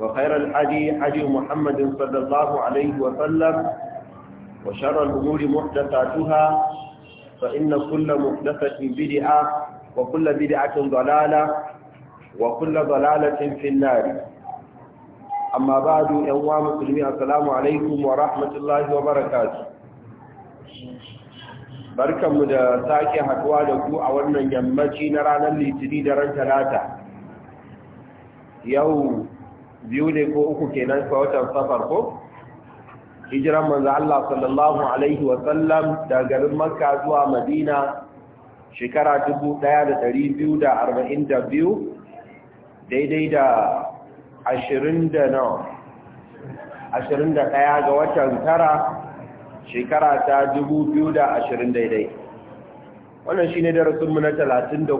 وخير الحدي حدي محمد صلى الله عليه وسلم وشر الأمور محدثاتها فإن كل محدثة بدعة وكل بدعة ضلالة وكل ضلالة في النار أما بعد يوم مسلمين السلام عليكم ورحمة الله وبركاته barkanmu da sake haduwa da ku a wannan yammaci na ranar litini da ran talata yau biyu ne ko uku kenan ko watan safar ko hijiran manzo Allah sallallahu alaihi wa sallam da garin Makka zuwa Madina shekara 1242 daidai da 20 da nawa 21 ga watan tara shekara ta 2020 daidai wannan shine darasin mu na 34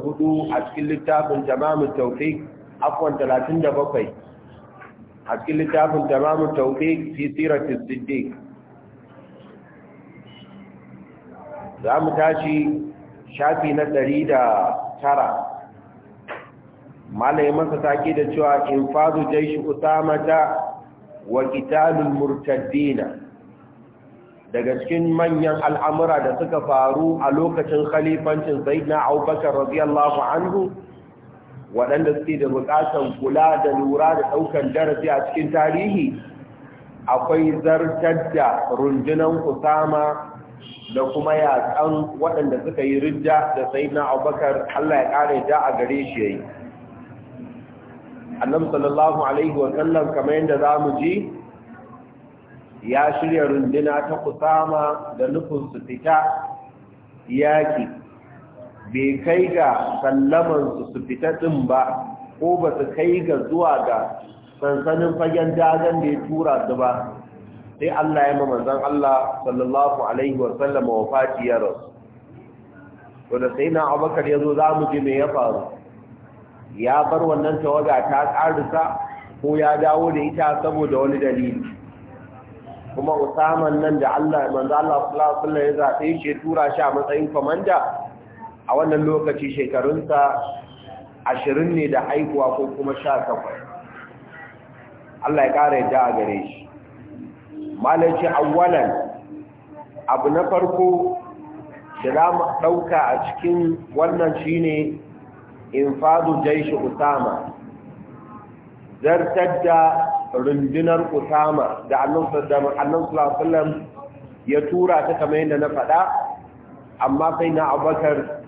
a cikin littafin Tamamut Tawfiq afwan 37 a cikin littafin ta tauhid fi siratis siddiq za mu tashi shafi na ɗari da tara malaye masa take da cewa in fazu jaishi usamata wa qitalul murtaddina daga cikin manyan al'amura da suka faru a lokacin khalifancin na Abubakar radiyallahu anhu waɗanda suke da buƙatar kula da lura da ɗaukar darasi a cikin tarihi akwai zartar da rundunan kusama da kuma yaƙan waɗanda suka yi rijja da sai na abubakar allah ya ƙara ja a gare shi ya yi annam sallallahu alaihi wasallam kamar yadda za mu ji ya shirya runduna ta kusama da nufin su fita yaƙi bai kai ga sallamansu su fita ɗin ba ko ba su kai ga zuwa ga sansanin fagen dagan da ya tura su ba sai Allah ya manzon Allah sallallahu alaihi Wasallama wa sallama ya rasu wanda sai na abakar ya zo za mu ji mai ya faru ya bar wannan tawaga ta ƙarisa ko ya dawo da ita saboda wani dalili kuma usaman nan da Allah manzo Allah sallallahu alaihi wa sallam ya zaɓe shi tura shi a matsayin komanda a wannan lokaci shekarunsa ashirin ne da haihuwa ko kuma sha takwai. Allah ya ƙara yadda a gare shi malaci awwalan abu na farko da za mu ɗauka a cikin wannan shine infadu jaishi usama zartar da rundunar usama da annan sulasulam ya tura ta kamar yadda na faɗa amma sai na abubakar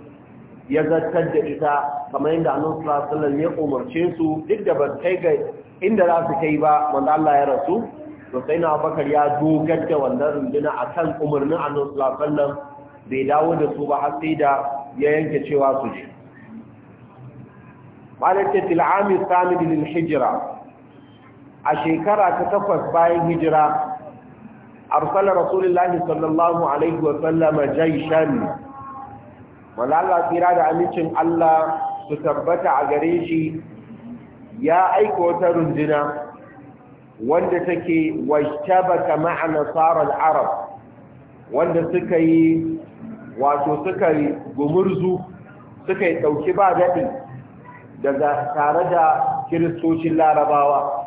ya zartar da ita kamar yadda annabi sallallahu alaihi ya umarce su duk da ban kai ga inda za su kai ba wanda Allah ya rasu to sai na Abubakar ya dogar da wannan runduna akan umarnin annabi sallallahu alaihi bai dawo da su ba har sai da ya yanke cewa su je malaka til'ami samid lil hijra a shekara ta takwas bayan hijira arsala rasulullahi sallallahu alaihi wa sallama jayshan wanda Allah tsira da amincin Allah su tabbata a gare shi ya aika wata runduna wanda take wajtabaka ma'a nasarar arab wanda suka yi wato suka yi gumurzu suka yi ɗauki ba daɗi daga tare da kiristocin larabawa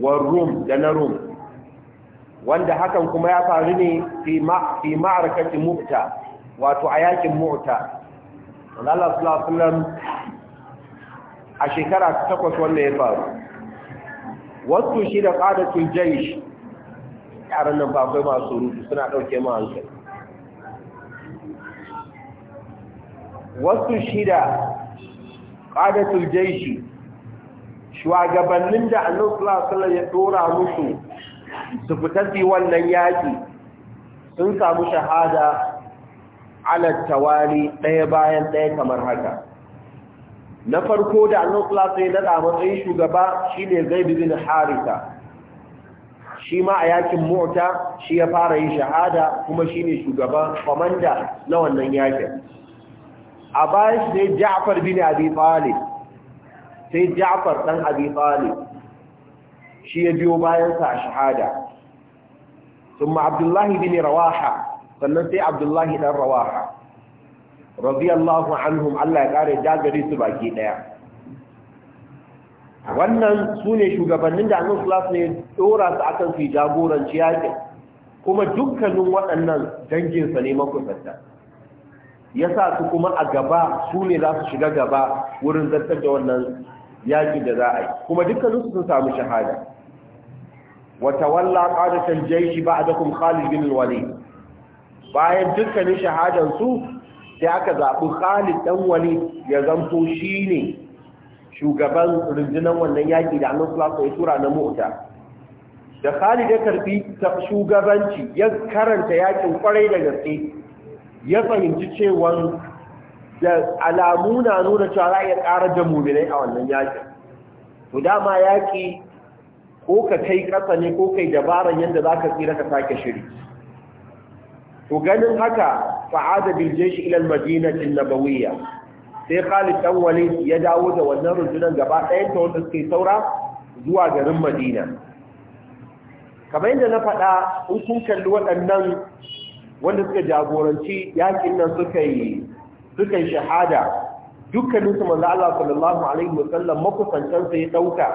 wa rum da na rum wanda hakan kuma ya faru ne fi ma'arkacin mufta wato a yakin mota Allah sallallahu alaihi a shekara takwas wanda ya faru wasu shi da qadatul jaysh yaran nan ba kai masu rutu suna dauke ma hankali wasu shi da qadatul jaysh shugabannin da Allah sallallahu alaihi ya dora musu su fita su wannan yaki sun samu shahada ala tawali ɗaya bayan ɗaya kamar haka na farko da annan sulasa ya daɗa matsayin shugaba shi ne zai bin harita shi ma a yakin mota shi ya fara yin shahada kuma shi ne shugaban kwamanda na wannan yakin a bayan shi sai ja'far bin abi sai ja'far ɗan abi shi ya biyo bayansa a shahada ثم عبد الله بن رواحه sannan sai abdullahi dan rawaha radiyallahu anhum Allah ya kare dagare su baki daya wannan su ne shugabannin da annabi sallallahu alaihi wasallam ya dora su akan su jagoranci yakin kuma dukkanin waɗannan danginsa ne makusanta ya sa su kuma a gaba su ne za su shiga gaba wurin zartar da wannan yaƙi da za a yi kuma dukkaninsu sun samu shahada wata walla ƙadatan jaishi ba a dafa khalid bin wali bayan dukkanin shahadansu sai aka zaɓi khalid ɗan wani ya zanto shi ne shugaban rundunar wannan yaƙi da annan kula sai tura na mota da khalid ya karfi shugabanci ya karanta yaƙin kwarai da gaske ya fahimci cewa da alamu na nuna cewa za a iya ƙara da muminai a wannan yaƙin to dama yaƙi ko ka kai ƙasa ne ko kai dabaran yadda za ka tsira ka sake shiri Ku ganin haka fa'ada bil jaysh ila al madinati nabawiyya sai Khalid dan Walid ya dawo da wannan rundunar gaba ɗayan ta wanda suke saura zuwa garin Madina kamar yadda na faɗa in kun kalli waɗannan wanda suka jagoranci yakin nan suka yi suka yi shahada dukkanin su manzo Allah sallallahu alaihi wasallam makusantan sa ya dauka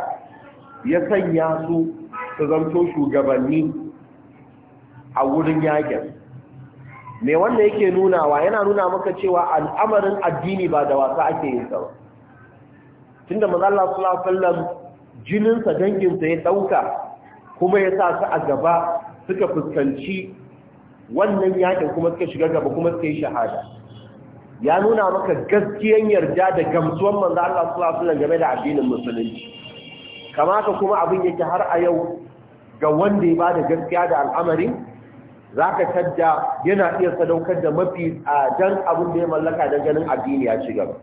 ya sanya su su zanto shugabanni a wurin yakin me wanda yake nunawa yana nuna maka cewa al'amarin addini ba da wasa ake yin sa ba tunda manzo Allah sallallahu alaihi wasallam jinin sa dangin sa ya dauka kuma ya sa su a gaba suka fuskanci wannan yakin kuma suka shiga gaba kuma suka yi shahada ya nuna maka gaskiyan yarda da gamsuwar manzo Allah sallallahu alaihi game da addinin musulunci kamata kuma abin yake har a yau ga wanda ya bada gaskiya da al'amarin. za ka tajja yana iya sadaukar da mafi jan abin da ya mallaka don ganin addini ya ci gaba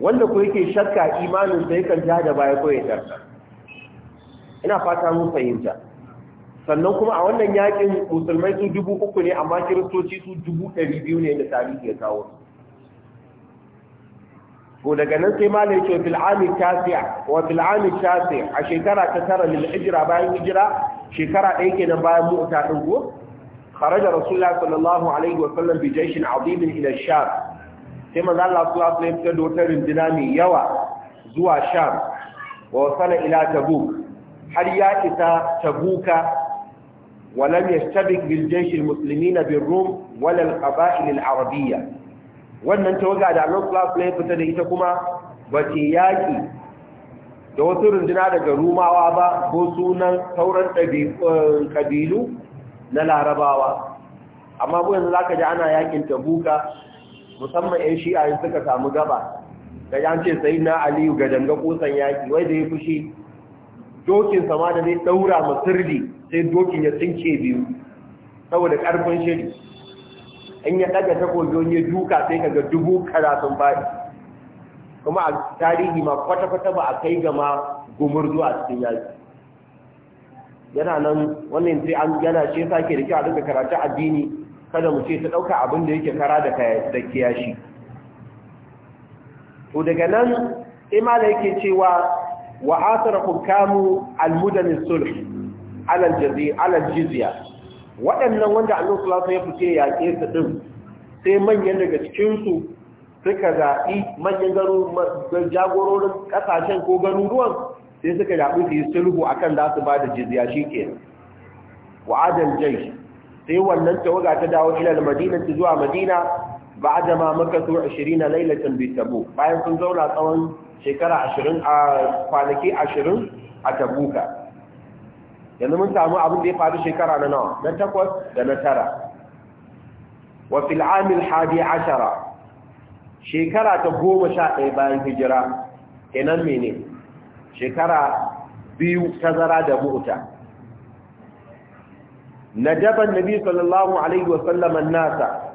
wanda ku yake shakka imanin sai kan ja da baya ko ya ina fata mun fahimta sannan kuma a wannan yakin musulmai su dubu uku ne amma kiristoci su dubu ɗari biyu ne da tarihi ya kawo ko daga nan sai malai ce fil'ami tasi'a wa fil'ami Tasiya a shekara ta tara lil'ijira bayan hijira shekara ɗaya kenan bayan mu'ta ɗin ko kharaja rasulullah sallallahu alaihi wa sallam bi jayshin azim ila sham sai manzo Allah sallallahu alaihi wa sallam da wata mai yawa zuwa sham wa wasala ila tabuk har ya isa tabuka ولم يشتبك بالجيش المسلمين بالروم ولا القبائل العربية wannan tawaga da Allah sallallahu alaihi wa sallam fita da ita kuma ba yaƙi. da wasu runduna daga rumawa ba ko sunan sauran eh, ƙabilu na larabawa amma buwan za ka ji ana yakin tabuka musamman 'yan shi'ayin suka samu gaba da yan ce sai na aliyu ga danga kusan yaki wai da ya fushi dokin sama da zai daura ma sirri sai dokin ya tsinke biyu saboda karfin shiri in ya daga takobi ya duka sai kaga dubu karatun fadi kuma a tarihi ma kwata-kwata ba a kai gama gumur a cikin yaki yana nan wannan sai an yana ce sake da kyau a duka karatu addini kada mu ce ta ɗauka abin da yake kara da kiyashi to daga nan da yake cewa wa asara hukamu almudan sulh ala aljazi ala aljizya waɗannan wanda Allah sallallahu alaihi wasallam ya fice yaƙe su din sai manyan daga cikin su suka zaɓi manyan jagororin ƙasashen ko garuruwan sai suka zaɓi su yi sulhu a kan za su ba da jizya shi ke wa'adar jai sai wannan tawaga ta dawo ilal madina ta zuwa madina ba a jama maka su 20 na lailatan bi tabu bayan sun zauna tsawon shekara 20 a kwanaki 20 a tabuka yanzu mun samu abin da ya faru shekara na nawa na takwas da na tara wa Filamil amil hadi ashara shekara ta goma sha ɗaya bayan hijira kenan mene shekara biyu tazara da mu'uta daban nabi sallallahu alaihi wa sallam nasa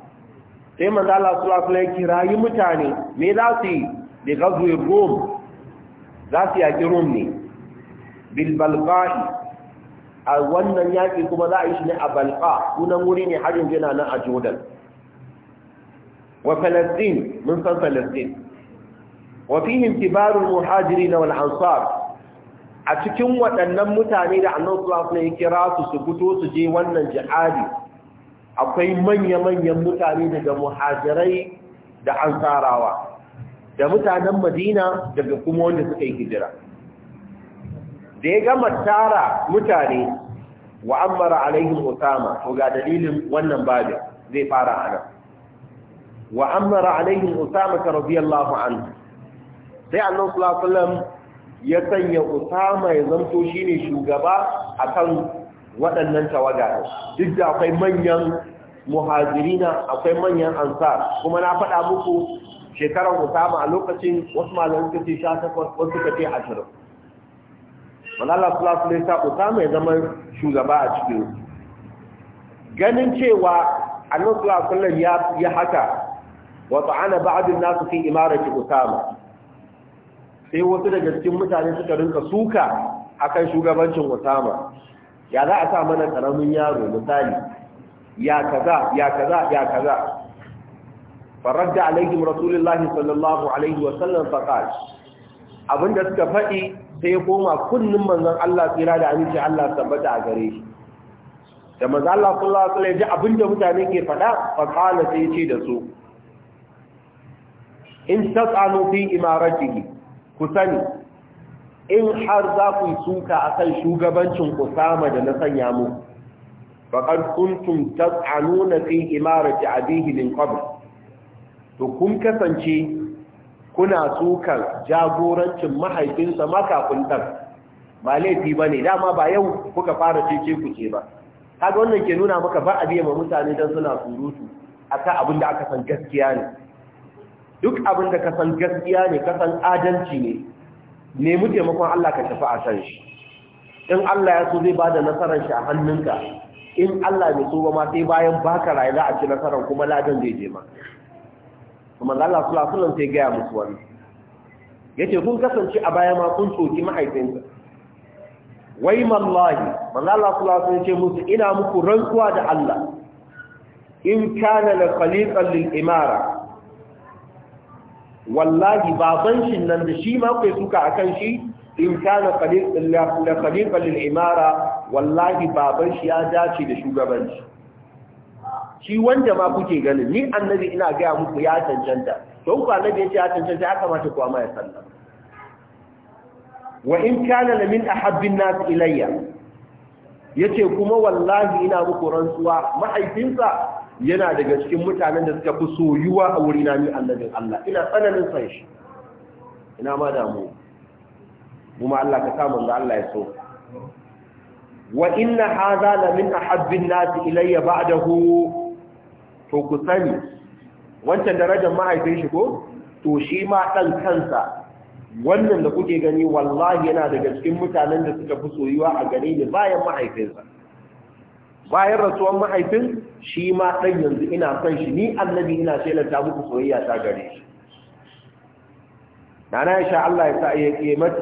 sai manzo Allah sallallahu alaihi kirayi mutane me za su yi da gazuwa rom za su yaki rom ne bil balqa'i a wannan yaki kuma za a yi shi ne a balqa kunan wuri ne harin jina nan a Jordan wa falastin mun san falastin wa fihim kibarul a cikin waɗannan mutane da annabi sallallahu ya kira su su fito su je wannan jihadi akwai manya-manyan mutane daga muhajirai da ansarawa da mutanen madina daga kuma wanda suka yi hijira da ya gama tara mutane wa alaihim usama to ga dalilin wannan babin zai fara a nan wa amara alaihim usama Allah anhu sai Allah sallallahu ya sanya usama ya zanto shine shugaba akan waɗannan tawaga duk da akwai manyan muhajirina akwai manyan ansar kuma na faɗa muku shekarar usama a lokacin wasu malamai suka ce 18 wasu suka ce 20 Allah sallallahu alaihi wasallam usama ya zama shugaba a cikin ganin cewa Allah sallallahu alaihi wasallam ya haka wa ta'ana ba'd an-nas fi imarati usama sai wasu daga cikin mutane suka rinka suka akan shugabancin usama ya za a sa mana karamin yaro misali ya kaza ya kaza ya kaza faradda alaihim rasulullahi sallallahu alaihi wa sallam faqal abinda suka faɗi sai ya koma kullun manzon Allah tsira da aminci Allah tabbata a gare shi da manzon Allah sallallahu alaihi wa sallam ya ji abinda mutane ke faɗa faqala sai ya ce da su in tas'anu fi imaratihi ku sani in har za ku suka akan shugabancin Usama da na sanya mu faqad kuntum tas'anuna fi imarati abihi min qabl to kun kasance kuna sukan jagorancin mahaifinsa makafin dan ba laifi bane dama ba yau kuka fara cece ku ce ba kaga wannan ke nuna maka ba a ma mutane dan suna surutu akan abin da aka san gaskiya ne duk abin da ka san gaskiya ne ka san adalci ne nemi taimakon Allah ka tafi a san shi in Allah ya so zai ba da nasarar shi a hannunka in Allah bai so ba ma sai bayan baka rayu za a ci nasarar kuma ladan zai je ma kuma Allah sallallahu alaihi sai gaya musu wani yace kun kasance a baya ma kun tsoki mahaifinka wai mallahi manzo Allah sallallahu alaihi ce musu ina muku rantsuwa da Allah in kana la khaliqan lil imara wallahi baban shi nan da shi ma kai suka akan shi in kana khalifa lil imara wallahi baban shi ya dace da shugabanci shi wanda ma kuke ganin ni annabi ina ga muku ya cancanta don ku annabi ya ce ya cancanta ya kamata ku amma ya sallah wa in kana la min ahabbin nas ilayya yace kuma wallahi ina muku rantsuwa mahaifinsa yana daga cikin mutanen da suka fi soyuwa a wuri na ni annabin Allah ina tsananin san shi ina ma damu kuma Allah ka samu da Allah ya so wa inna hadha la min ahabbin nas ilayya ba'dahu to ku sani wancan darajar mahaifin shi ko to shi ma dan kansa wannan da kuke gani wallahi yana daga cikin mutanen da suka fi soyuwa a gare ni bayan mahaifinsa bayan rasuwan mahaifin shi ma ɗan yanzu ina son shi ni annabi ina shelanta muku soyayya ta gare shi nana ya sha Allah ya sa ya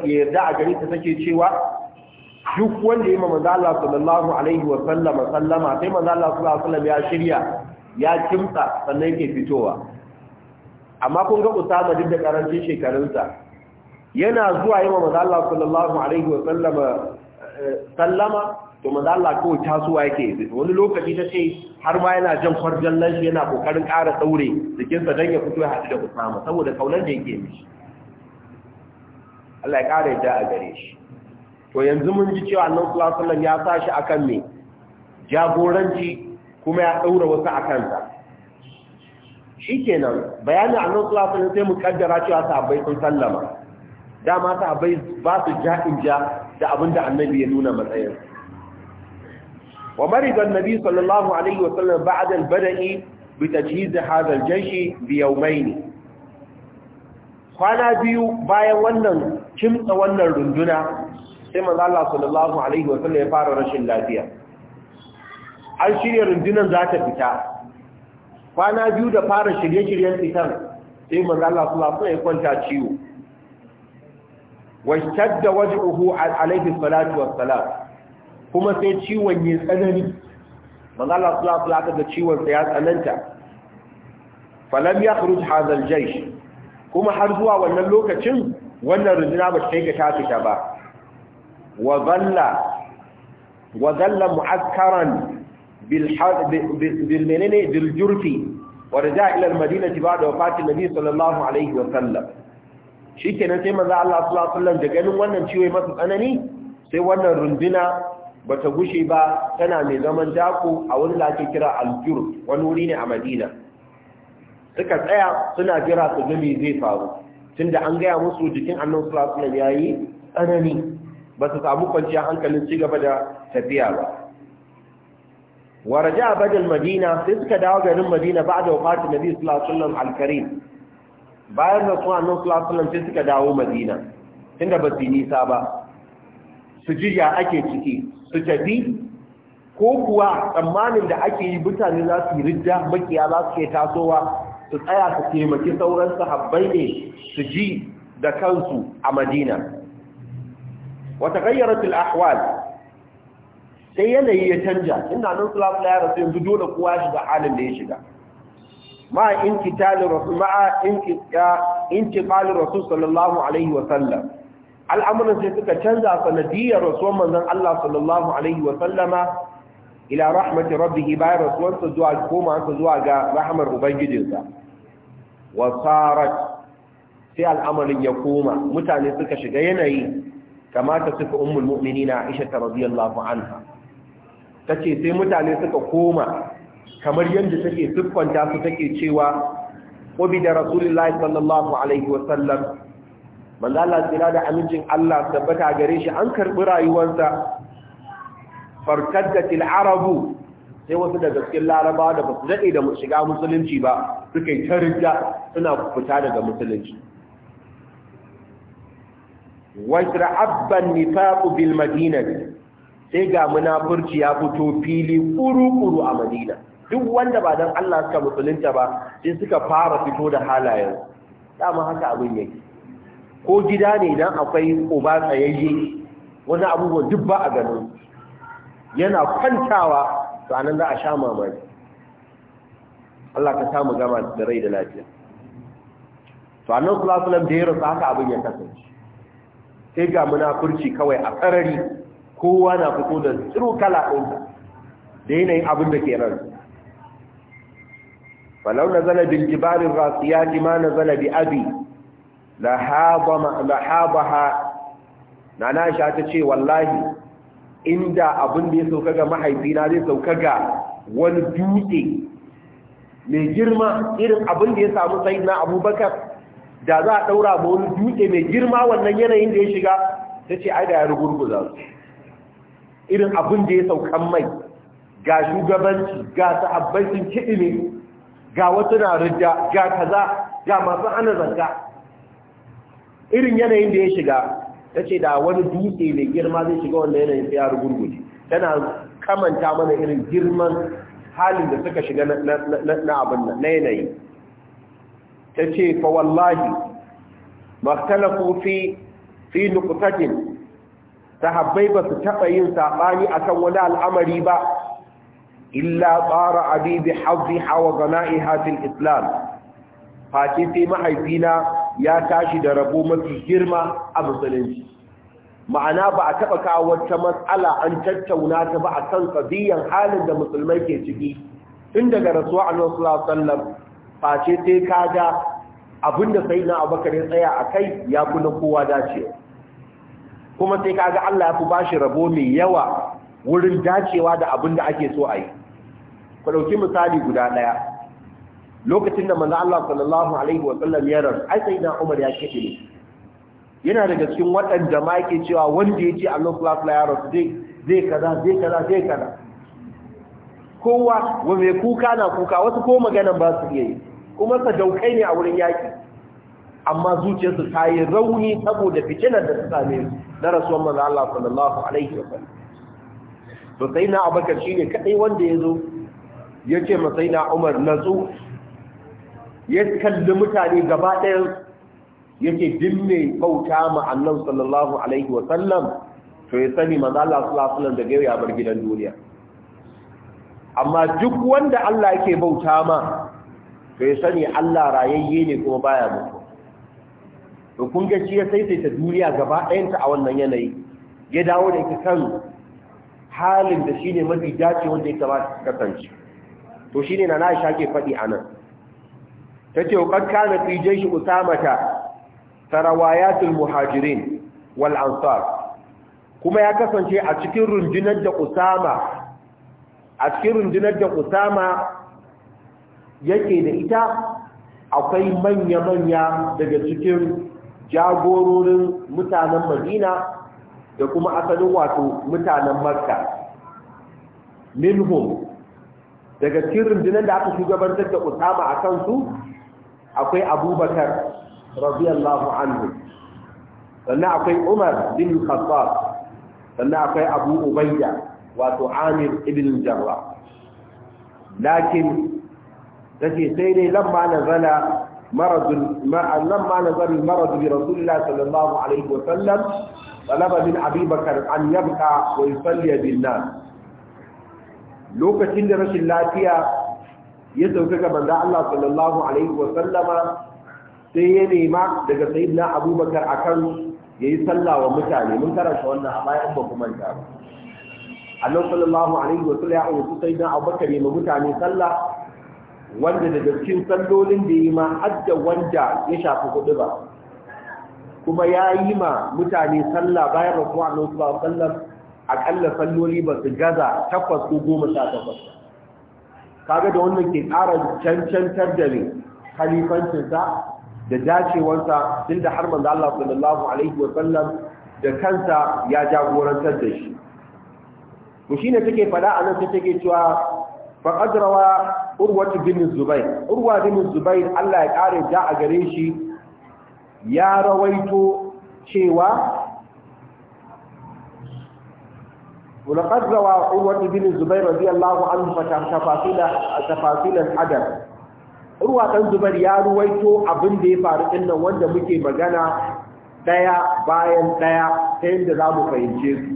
yarda a gare ta take cewa duk wanda ya manzo Allah sallallahu alaihi wa sallama sallama sai manzo Allah sallallahu alaihi wa sallam ya shirya ya kimtsa sannan yake fitowa amma kun ga Usama duk da karancin shekarunsa yana zuwa yi manzo Allah sallallahu alaihi wa sallama sallama to manzo Allah kawai tasowa yake wani lokaci ta ce har ma yana jan farjan lashi shi yana kokarin ƙara daure jikin sa dan ya fito ya hadu da Usama saboda kaunar da yake mishi Allah ya ƙara yadda a gare shi to yanzu mun ji cewa Annabi sallallahu alaihi wasallam ya sa shi akan me jagoranci kuma ya daura wasu akan sa shikenan bayanin Annabi sallallahu alaihi wasallam sai mu kaddara cewa sahabbai sun sallama dama sahabbai ba su ja'in ja da abin da annabi ya nuna matsayin wa maridan nabi sallallahu alaihi wa sallam ba'da al-bada'i bi tajhiz hadha al-jaysh bi yawmayn kwana biyu bayan wannan kimtsa wannan runduna sai manzo Allah sallallahu alaihi wa sallam ya fara rashin lafiya an shirya rundunan za ta fita kwana biyu da fara shirye-shiryen fitan sai manzo Allah sallallahu alaihi wa sallam ya kwanta ciwo washadda waj'uhu alayhi salatu wassalam kuma sai ciwon yin tsanani manzo Allah sallallahu alaihi wasallam ciwon sa ya tsananta falam yakhruj hadha aljaysh kuma har zuwa wannan lokacin wannan runduna ba ta kai ta fita ba wa dhalla wa dhalla mu'akkaran bil had bil menene bil jurfi ورجع إلى المدينة بعد وفاة النبي صلى الله عليه وسلم kenan sai manzo Allah sallallahu alaihi da ganin wannan ciwo masa tsanani sai wannan runduna bata gushe ba tana mai zaman dako a wani da ake kira aljur wani wuri ne a Madina suka tsaya suna jira su ga zai faru tunda an gaya musu jikin annon sallallahu alaihi wasallam yayi tsanani ba su samu kwanciyar hankalin ci gaba da tafiya ba ورجع بدل المدينة sai suka dawo المدينة بعد ba da صلى الله عليه وسلم على الكريم bayan da su annan sulasulan sai suka dawo madina inda ba su nisa ba su ji ake ciki su tafi ko kuwa tsammanin da ake yi mutane za su yi ridda makiya za su ke tasowa su tsaya su taimaki sauran sahabbai ne su ji da kansu a madina wata gayyaratul ahwal sai yanayi ya canja inda nan sulasulan ya rasu yanzu dole kowa shiga halin da ya shiga ma intiqalu rasul ma intiqalu rasul sallallahu alaihi wa sallam al'amuran sai suka canza sanadiyar rasuwan manzon Allah sallallahu alaihi wa sallama ila rahmati rabbih bayan rasuwansa zuwa koma zuwa ga rahmar ubangijinsa wa sarat sai al'amarin ya koma mutane suka shiga yanayi kamata suka ummul mu'minina Aisha radiyallahu anha tace sai mutane suka koma kamar yadda take siffanta su take cewa wabi da rasulullahi sallallahu alaihi wasallam manzo Allah tsira da amincin Allah tabbata gare shi an karɓi rayuwarsa farkaddatil arabu sai wasu daga cikin larabawa da basu daɗe da shiga musulunci ba suka yi tarja suna fita daga musulunci wajra abban nifaqu bil madinati sai ga munafurci ya fito fili kuru-kuru a madina duk wanda ba don Allah suka musulunta ba sai suka fara fito da halayen dama haka abin yake ko gida ne idan akwai uba tsayayye wani abubuwan duk ba a ganin yana kwantawa sanan za a sha mamaki Allah ka samu gama da rai da lafiya sanan sulasulam da ya rasu haka abin ya kasance sai ga munafurci kawai a tsarari kowa na fito da tsiro kala ɗinsa da yanayin abin da ke ransa فلو نزل بالجبال jibarin ما نزل بأبي لحاضها abi la habaha nana sha ta ce wallahi inda abin da ya sauka ga mahaifina zai sauka ga wani dutse mai girma irin abin da ya samu sai na abubakar da za a ɗaura ba wani dutse mai girma wannan yanayin da ya shiga ta ce ai da ya rugurguza irin abin da ya saukan mai ga shugabanci ga sahabbai sun kiɗi ne ga wasu na rujja ga kaza ga masu hana zanka irin yanayin da ya shiga ta ce da wani dutse mai girma zai shiga wanda yanayin ya rugurguje tana kamanta mana irin girman halin da suka shiga na abin nan na yanayi ta ce fa wallahi maktalafu fi fi ta sahabbai ba su taɓa yin saɓani akan wani al'amari ba illa tsara abi bi hawa wa gana'iha islam face sai mahaifina ya tashi da rabo mafi girma a musulunci ma'ana ba a taɓa kawo wata matsala an tattauna ta ba a kan tsadiyan halin da musulmai ke ciki tun daga rasuwa annabi sallallahu alaihi wasallam face sai kaga sai na abakar ya tsaya a kai ya kuna kowa dacewa kuma sai ka ga Allah ya fi bashi rabo mai yawa wurin dacewa da abin da ake so a yi ku ɗauki misali guda ɗaya lokacin da manzo Allah sallallahu alaihi wa sallam ya rar ai sai Umar ya kike ne yana daga cikin waɗanda ma yake cewa wanda ya ce Allah sallallahu alaihi wa sallam zai kaza zai kaza zai kaza kowa wa mai kuka na kuka wasu ko magana ba su iya yi kuma sadaukai ne a wurin yaki amma zuciyarsu ta yi rauni saboda fitinar da su same su na rasuwan manzo Allah sallallahu alaihi sallam to sai na Abubakar shine kadai wanda yazo ya ce masai na umar na natsu ya kalli mutane gaba ɗaya ya ce din bauta ma sallallahu alaihi wasallam to ya sani maza Allah sallallahu da gaiwa ya bar gidan duniya amma duk wanda Allah yake bauta ma to ya sani Allah rayayye ne kuma baya mutu to kun ga shi ya saisaita duniya gaba ɗayanta a wannan yanayi ya dawo da ita kan halin da shi ne mafi dace wanda ya kamata kasance to shi ne na Aisha ke faɗi anan tace qad na fi shi usamata tarawayatul muhajirin wal'ansar kuma ya kasance a cikin rundunar da usama a cikin rundunar da usama yake da ita akwai manya-manya daga cikin jagororin mutanen madina da kuma asalin wato mutanen makka minhum daga cikin rundunar da aka shugabantar da Usama a kansu akwai Abubakar radiyallahu anhu sannan akwai Umar bin Khattab sannan akwai Abu Ubayya wato Amir ibn Jarrah lakin tace sai dai lamma nazala مرض ما لما نزل المرض برسول الله صلى الله عليه وسلم طلب من ابي بكر ان يبقى ويصلي lokacin da rashin lafiya ya sauka ga manzo Allah sallallahu alaihi wa sallama sai ya nema daga sayyidina Abubakar akan yayi sallah wa mutane mun karanta wannan a bayan ba kuma ta ba Allah sallallahu alaihi wa sallam ya umarci sayyidina Abubakar ya mutane sallah wanda daga cikin sallolin da yi ma hadda wanda ya shafi hudu ba kuma ya yi ma mutane sallah bayan rasuwa Allah sallallahu alaihi wa sallam akalla salloli ba su gaza takwas ko goma sha takwas kaga da wannan ke ƙara cancantar da ne halifancinsa da dacewarsa tun da har manzo Allah sallallahu alaihi wa sallam da kansa ya jagorantar da shi to shine take fada anan nan take cewa fa rawa urwa bin zubair urwa bin zubair Allah ya kare da a gare shi ya rawaito cewa ولقد روى عروة بن الزبير رضي الله عنه تفاصيل تفاصيل الحدث عروة بن الزبير يا رويتو abin da ya faru din wanda muke magana daya bayan daya ta yadda za mu fahimce su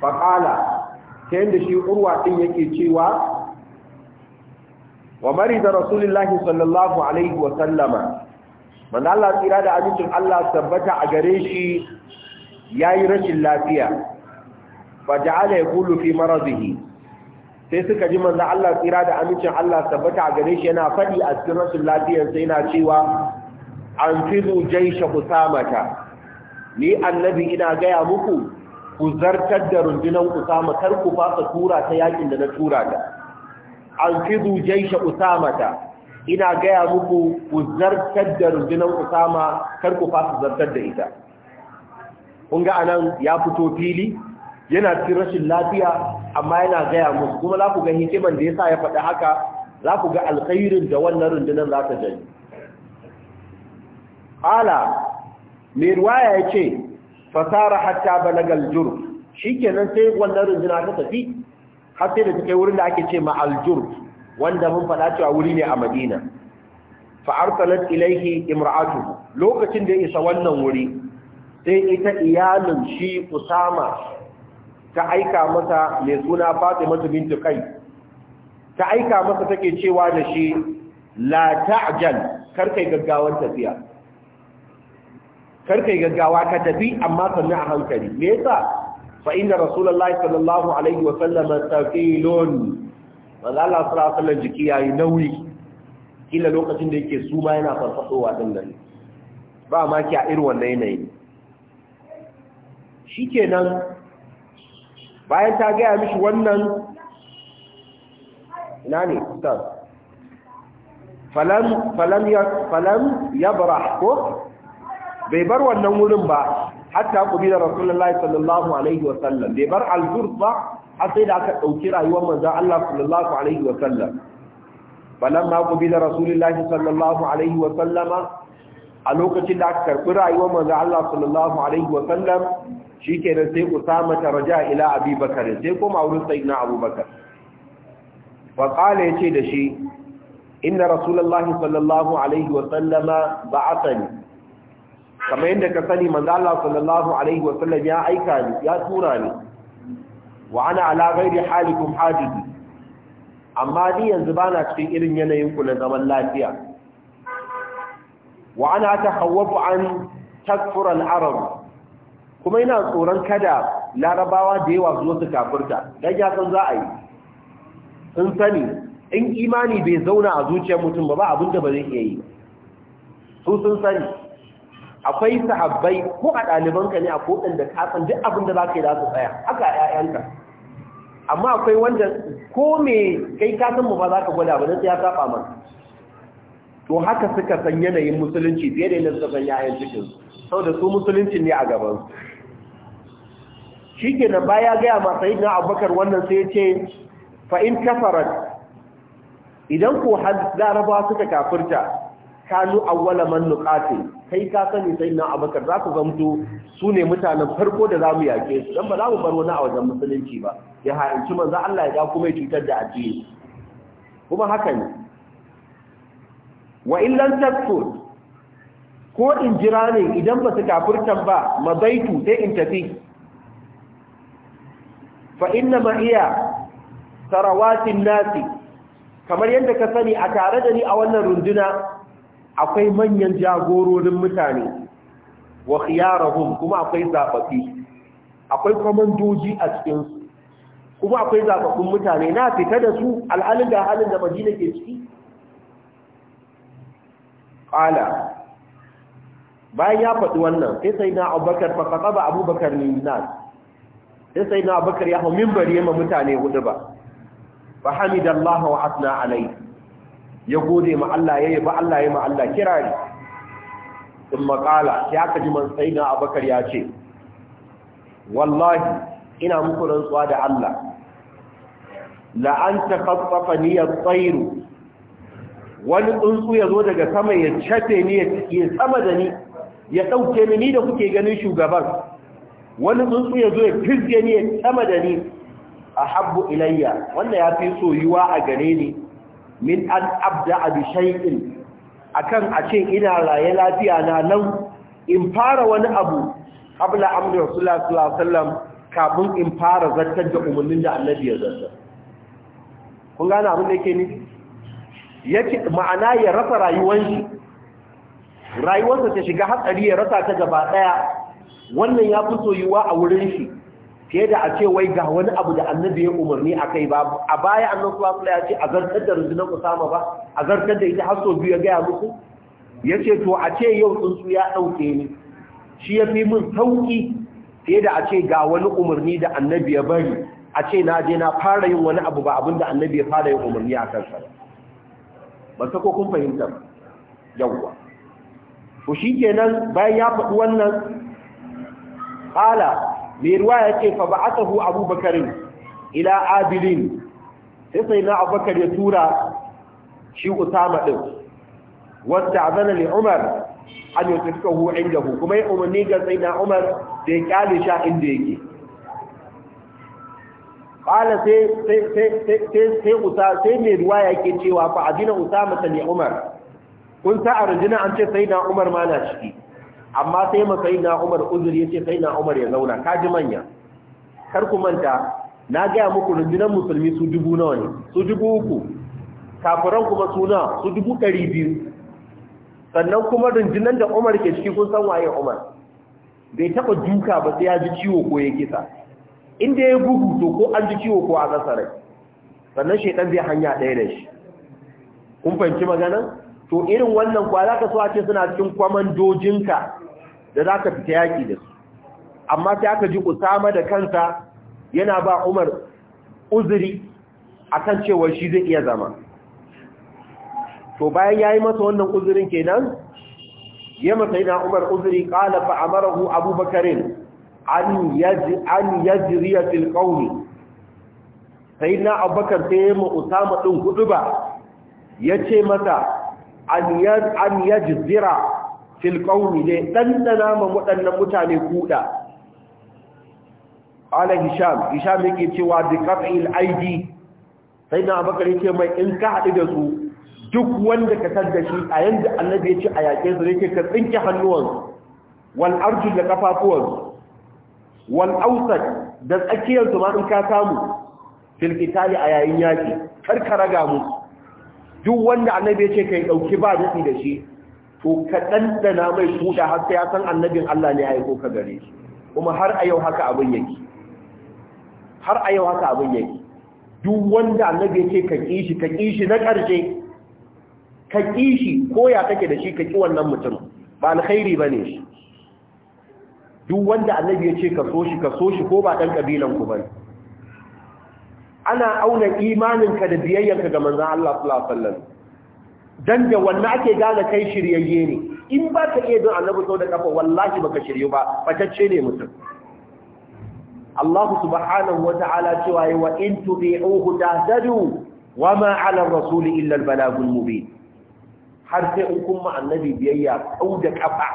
faqala ta yadda shi urwa ɗin yake cewa wa marida rasulullahi sallallahu alaihi wa sallama Allah tsira da abincin Allah tabbata a gare shi yayi rashin lafiya fa ya yaqulu fi marazihi sai suka ji manzo Allah tsira da amincin Allah tabbata a gare shi yana fadi a cikin rasul lafiyar sai yana cewa an fidu jaysha kusamata ni annabi ina gaya muku ku zartar da rundunar kusama kar ku fasa tura ta yakin da na tura ta an fidu jaysha usamata ina gaya muku ku zartar da rundunar kusama kar ku fasa zartar da ita kun ga anan ya fito fili yana cikin rashin lafiya amma yana gaya musu kuma za ku ga hikiman da ya sa ya faɗi haka za ku ga alkhairin da wannan rundunar za ta jani ala mai ruwaya ya ce fasara hatta balagal jur shi kenan sai wannan rundunar ta tafi har sai da ta kai wurin da ake ce ma aljur wanda mun faɗa cewa wuri ne a madina fa Ilaiki ilaihi imra'atu lokacin da ya isa wannan wuri sai ita iyalin shi usama ta aika masa mai suna Fatimatu bintu kai. ta aika masa take cewa da shi la ta'jal kar kai gaggawan tafiya kar gaggawa ka tafi amma sannu a hankali me yasa fa inna rasulullahi sallallahu alaihi wa sallam taqilun manzo Allah sallallahu alaihi jiki yayi nauyi kila lokacin da yake suma yana farfadowa din nan ba ma ki a irin wannan yanayi shikenan bayan ta gaya mishi wannan ina ne kusan falam ya bara ko bai bar wannan wurin ba hatta kubi da rasulullahi sallallahu alaihi wasallam bai bar alzur ba har sai da aka ɗauki rayuwar manzan Allah sallallahu alaihi wasallam falam ma kubi da rasulullahi sallallahu alaihi wasallama a lokacin da aka karɓi rayuwar manzan Allah sallallahu alaihi wasallam shi kenan sai usama ta raja ila abi bakar sai koma wurin sayyidina abubakar wa qala yace da shi inna rasulullahi sallallahu alaihi wa sallama ba'athani kamar yadda ka sani manzo Allah sallallahu alaihi wa sallam ya aika ni ya tura ni wa ana ala ghairi halikum hadidi amma ni yanzu bana cikin irin yanayin ku na zaman lafiya wa ana tahawwafu an takfura al-arab kuma ina tsoron kada larabawa da yawa zuwa su kafurta don ya san za a yi sun sani in imani bai zauna a zuciyar mutum ba ba abin da ba zai iya yi su sun sani akwai sahabbai ko a ɗalibanka ne a kodin da kasan duk abin da za ka yi za su tsaya haka ‘ya'yanka amma akwai wanda ko me kai kasan mu ba za ka gwada ba don ya saba ma? to haka suka san yanayin musulunci fiye da yadda suka san ‘ya'yan cikin sau da su musulunci ne a gabansu shi ke nan baya gaya sai yin abubakar wannan sai ce fa'in kafarar idan ko larabawa suka kafirta kanu awwala man nukati kai ka sani sai na Abubakar za ku zamto su ne mutanen farko da za mu yake su dan ba za mu bar wani a wajen musulunci ba ya haranci za Allah ya ga kuma ya cutar da addini kuma haka ne wa illan takfur ko in jira ne idan ba su kafirtan ba mabaitu sai in tafi fa inna ma iya sarawatin nasi kamar yadda ka sani a tare da ni a wannan runduna akwai manyan jagororin mutane wa khiyarahum kuma akwai zabafi akwai komandoji a cikin su kuma akwai zabafin mutane na fita da su al'alin da halin da Madina ke ciki qala bayan ya faɗi wannan sai sai na Abubakar fa kaba Abubakar ne nas sai sai na abubakar ya hau mimbari ma mutane hudu ba fa Hamidallah wa asna alai ya gode ma Allah yi ba Allah yayi ma Allah kirari in makala sai aka ji man sai na abubakar ya ce wallahi ina muku rantsuwa da Allah la an takhaffafani at wani tsuntsu ya zo daga sama ya chafe ni ya sama da ni ya dauke ni da kuke ganin shugaban wani tsuntsu ya zo ya fizge ni ya sama da ni a habbu ilayya wanda ya fi soyuwa a gare ni min an abda abi shay'in akan a ce ina raye lafiya na nan in fara wani abu qabla amri rasulullah sallallahu alaihi wasallam kafin in fara zartar da umarnin da annabi ya zartar kun gane abin da yake ni yake ma'ana ya rasa rayuwar shi rayuwarsa ta shiga hatsari ya rasa ta gaba daya wannan ya fi soyuwa a wurin shi fiye da a ce wai ga wani abu da annabi ya umarni a kai ba a baya annan kula ya ce a zartar da rundunar sama ba a zartar da ita har sau biyu ya gaya musu ya ce to a ce yau tsuntsu ya ɗauke ni shi ya fi min sauƙi fiye da a ce ga wani umarni da annabi ya bari a ce na je na fara yin wani abu ba abin da annabi ya fara yin umarni a kansa ba ba ko kun fahimta yawwa to shi kenan bayan ya faɗi wannan qala mai ruwa ya ce fa ba'athahu abubakarin ila abilin sai sai na abubakar ya tura shi usama din wanda azana li umar an yi inda hu kuma ya umarni ga sai na umar da ya kyale sha inda yake qala sai sai sai sai usama sai mai ruwa yake cewa fa usama ta li umar kun sa arjina an ce sai na umar ma na ciki amma sai mu sai na Umar uzuri yace sai na Umar ya zauna kaji manya kar ku manta na gaya muku rundunar musulmi su dubu nawa ne su dubu uku kafiran kuma suna su dubu 200 sannan kuma rundunar da Umar ke ciki kun san waye Umar bai taba duka ba sai ya ji ciwo ko ya kisa inda ya bugu to ko an ji ciwo ko a rasa sannan shaidan zai hanya daya da shi kun fahimci magana? to irin wannan kwa za ka so a ce suna cikin kwamandojinka da za ka fita yaƙi da su amma sai aka ji usama da kansa yana ba umar uzuri akan cewa shi zai iya zama to bayan yayi masa wannan uzurin kenan ya masa ina umar uzuri qala fa amarahu abubakarin an yaji an yajriya sai na abubakar sai ya ma usama ɗin kudu ba yace masa an an fil ne dai dandana ma waɗannan mutane kuɗa ala hisham hisham yake cewa da qat'il aidi sai na abakar yake mai in ka haɗu da su duk wanda ka tar da shi a yanda annabi ya ce a yaƙe su yake ka tsinke hannuwansu wal arju da kafafuwansu wal ausat da tsakiyarsu ma in ka samu fil a yayin yaƙi kar ka raga mu duk wanda annabi ya ce yi ɗauki ba dadi da shi to ka ɗanɗana mai kuɗa har sai ya san annabin Allah ne ya aiko ka gare shi kuma har a yau haka abin yake har a yau haka abin yake duk wanda annabi ya ce ka kishi ka kishi na ƙarshe ka kishi ko ya kake da shi ka ki wannan mutum ba alkhairi bane shi duk wanda annabi ya ce ka so shi ka so shi ko ba ɗan kabilan ku bane ana auna imaninka da biyayyarka ga manzon Allah sallallahu alaihi wasallam dan da wannan ake gane kai shiryayye ne in ba ka iya don annabi sau da kafa wallahi baka shiryu ba fatacce ne mutum Allah subhanahu wa ta'ala cewa yi wa in tubi'uhu tahtadu wa ma 'ala rasuli illa al-balagul mubin har sai in kuma annabi biyayya sau da kafa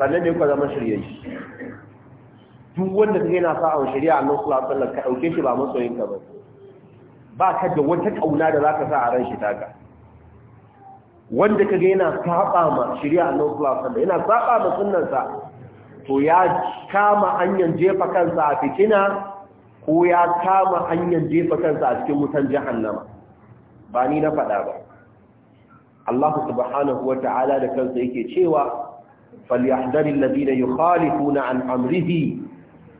sannan ne ku zama shiryayye duk wanda kake na sa a shari'a Allah sallallahu alaihi wasallam ka dauke shi ba masoyinka ba ba ka da wata kauna da zaka sa a ran shi taka wanda kaga yana saba ma shari'a Allah sallallahu yana saba ma sunnansa to ya kama hanyar jefa kansa a fitina ko ya kama hanyar jefa kansa a cikin wutan jahannama ba ni na faɗa ba Allah subhanahu wa ta'ala da kansa yake cewa falyahdharil ladina yukhalifuna an amrihi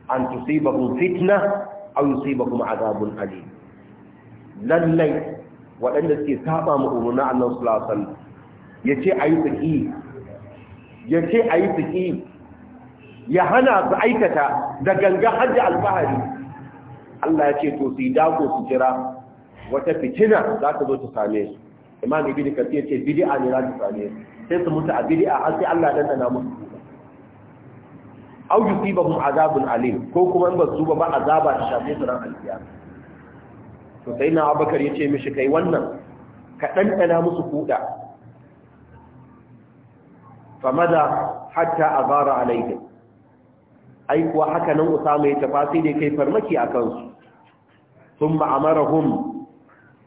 an tusibahum fitna aw yusibahum adhabun alim lallai waɗanda suke saba mu umarnin Allah sallallahu alaihi wasallam ce ayi tsiki yace ayi tsiki ya hana su aikata da ganga hajji alfahari Allah ya ce to su yi dako su jira wata fitina za ta zo ta same su imam ibn kathir ce bid'a ne za ta same su sai su mutu a bid'a har sai Allah ya dana musu au yusibahum azabun alim ko kuma in ba su ba azaba ta shafe su ran alkiyama to sai na abakar ya ce mishi kai wannan ka ɗanɗana musu kuɗa famada hatta a zara alaikin aikuwa haka nan usama ya tafa sai dai kai farmaki a kansu sun ma'amarahun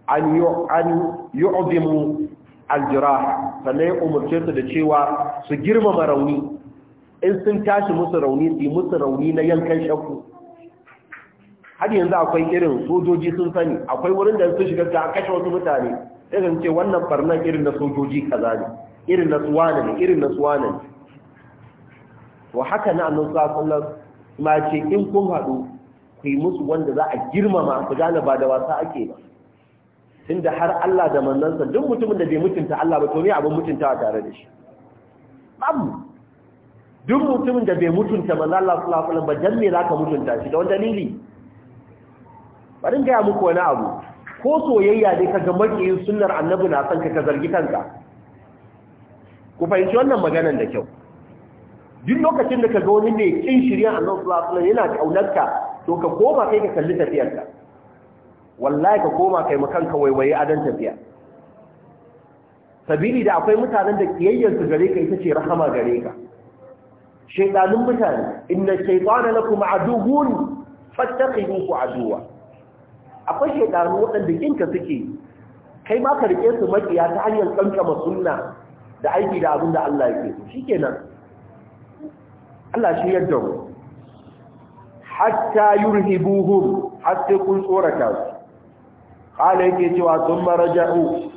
an yu'udimu aljira sannan ya umarce su da cewa su girmama rauni in sun tashi musu rauni su yi musu rauni na yankan shakku har yanzu akwai irin sojoji sun sani akwai wurin da sun shiga ga kashe wasu mutane irin ce wannan barnan irin na sojoji kaza ne irin na suwana ne irin na suwana ne to haka na annabi sallallahu alaihi wasallam ma ce in kun haɗu ku yi musu wanda za a girmama ku gane ba da wasa ake ba tunda har Allah da manzansa duk mutumin da bai mutunta Allah ba to ne abin mutuntawa tare da shi babu duk mutumin da bai mutunta manzo Allah sallallahu alaihi wasallam ba dan me zaka mutunta shi da wani dalili bari gaya muku wani abu ko soyayya ne ka ga makiyin sunnar annabi na san ka ka zargi kanka ku fahimci wannan maganan da kyau duk lokacin da ka ga wani mai kin shirya annabi sallallahu alaihi yana kaunarka to ka koma kai ka kalli tafiyarka wallahi ka koma kai kanka waiwaye adan tafiya sabili da akwai mutanen da su gare ka ita ce rahama gare ka shaytanun mutane inna shaytana lakum aduwwun fattaqihu aduwwan akwai shekaru waɗanda kinka suke kai ma ka rike su makiya ta hanyar kankama sunna da aiki da abin da Allah yake ke nan Allah shi yadda mu hatta yurhibuhum hatta kun tsorata su ƙala yake cewa sun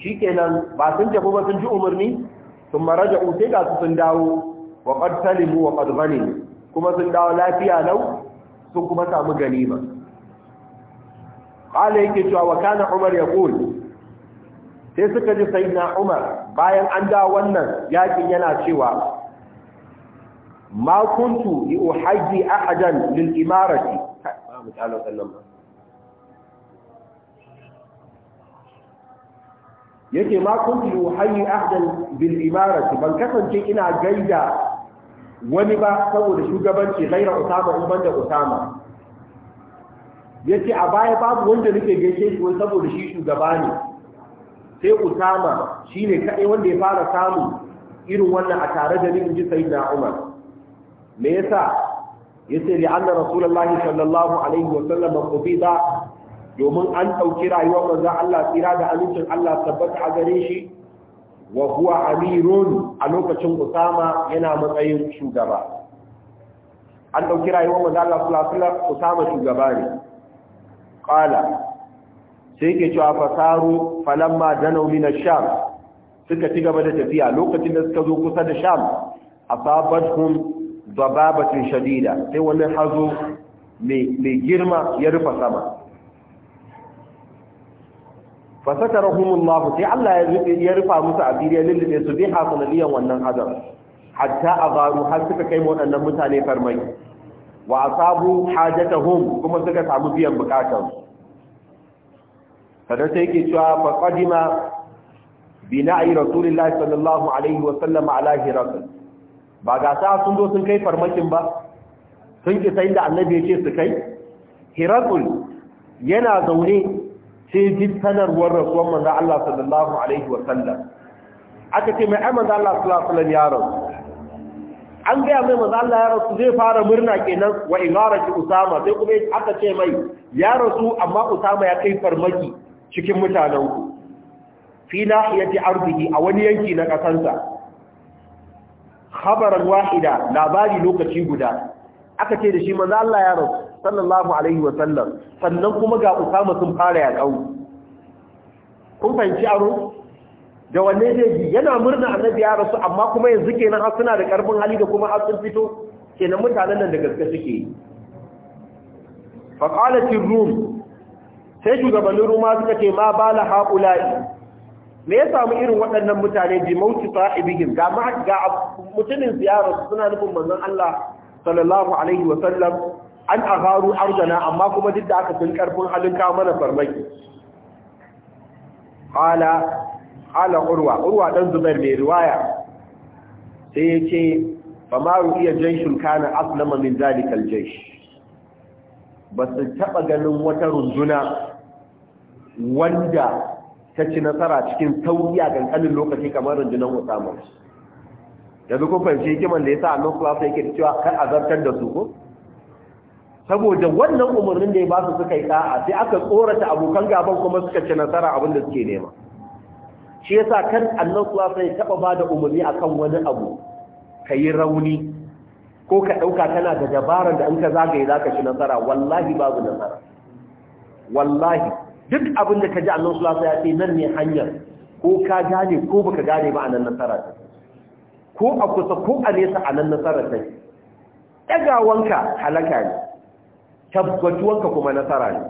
shi ke nan, ba sun tafi ba sun ji umarni sun ja'u sai ga su sun dawo wa ƙad salimu wa ƙad kuma sun dawo lafiya lau sun kuma samu ganima qala yake cewa wa kana umar yaqul sai suka ji sayyidina umar bayan an da wannan yakin yana cewa ma kuntu li uhajji ahadan lil imarati yake ma kuntu yuhayyi bil imarati ban kasance ina gaida wani ba saboda shugabanci gaira usama in banda usama Ya ce a baya babu wanda nake gaishe shi wai saboda shi shugaba ne sai Usama shi ne kaɗai wanda ya fara samu irin wannan a tare da ni inji na Umar me yasa yace li anna rasulullahi sallallahu alaihi wa sallam ba? domin an dauki rayuwar manzon Allah tsira da amincin Allah tabbata a gare shi wa huwa amirun a lokacin Usama yana matsayin shugaba an dauki rayuwar manzon Allah sallallahu alaihi wa sallam Usama shugaba ne qala sai ke cewa fasaru falamma danu min na sham suka ci gaba da tafiya lokacin da suka zo kusa da sham asabatuhum dababatun shadida sai wani hazo mai girma ya rufa sama fasatarahumullahu sai Allah ya rufa musu asiri ya lullube su bi hasanaliyan wannan hazar hatta a azaru har suka kai wa waɗannan mutane farmaki wa asabu hajatahum kuma suka samu biyan bukatar sadar sai yake cewa fa qadima bina'i rasulillahi sallallahu alaihi wa sallam ala hirakal ba ga sa sun zo sun kai farmakin ba sun ki sai da annabi ya ce su kai hirakul yana zaune sai ji sanarwar rasuwan manzo Allah sallallahu alaihi wa sallam aka ce mai ai manzo Allah sallallahu alaihi wa sallam ya rasu an gaya mai maza Allah ya rasu zai fara murna kenan wa imarati Usama sai kuma aka ce mai ya rasu amma Usama ya kai farmaki cikin mutanen ku fi nahiyati ardihi a wani yanki na kasansa khabaran wahida labari lokaci guda aka ce da shi maza Allah ya rasu sallallahu alaihi wa sallam sannan kuma ga Usama sun fara yaƙau kun fahimci aro da wanne zai ji yana murna annabi ya rasu amma kuma yanzu kenan har suna da karfin hali da kuma har sun fito kenan mutanen nan da gaske suke yi fa qalat rum sai shugabannin ruma suka ce ma bala haula'i me ya samu irin waɗannan mutane bi mauti sahibihim ga ma ga mutumin ziyara suna nufin manzon Allah sallallahu alaihi wa sallam an agharu ardana amma kuma duk da aka sun karfin halin kawo mana farmaki qala ala urwa urwa dan zubair mai riwaya sai yace ce iya ma ru'iya jaishun kana aslama min zalika aljaish ba su taba ganin wata runduna wanda ta ci nasara cikin sauki a kankanin lokaci kamar rundunar Usama duk ko fahimci hikiman da ya sa annan kula sai yake cewa kar a zartar da su ko saboda wannan umarnin da ya ba su suka yi da'a sai aka tsorata abokan gaban kuma suka ci nasara abin da suke nema shi yasa kan annan suwa sai taba ba da umarni akan wani abu ka yi rauni ko ka ɗauka kana da dabaran da in ka zagaye za ka shi nasara wallahi babu nasara wallahi duk abin da ka ji annan sai ya ce nan ne hanyar ko ka gane ko baka gane ba a nan nasara ta ko a kusa ko a nesa a nan nasara ta ɗagawanka halaka ne tabbatuwanka kuma nasara ne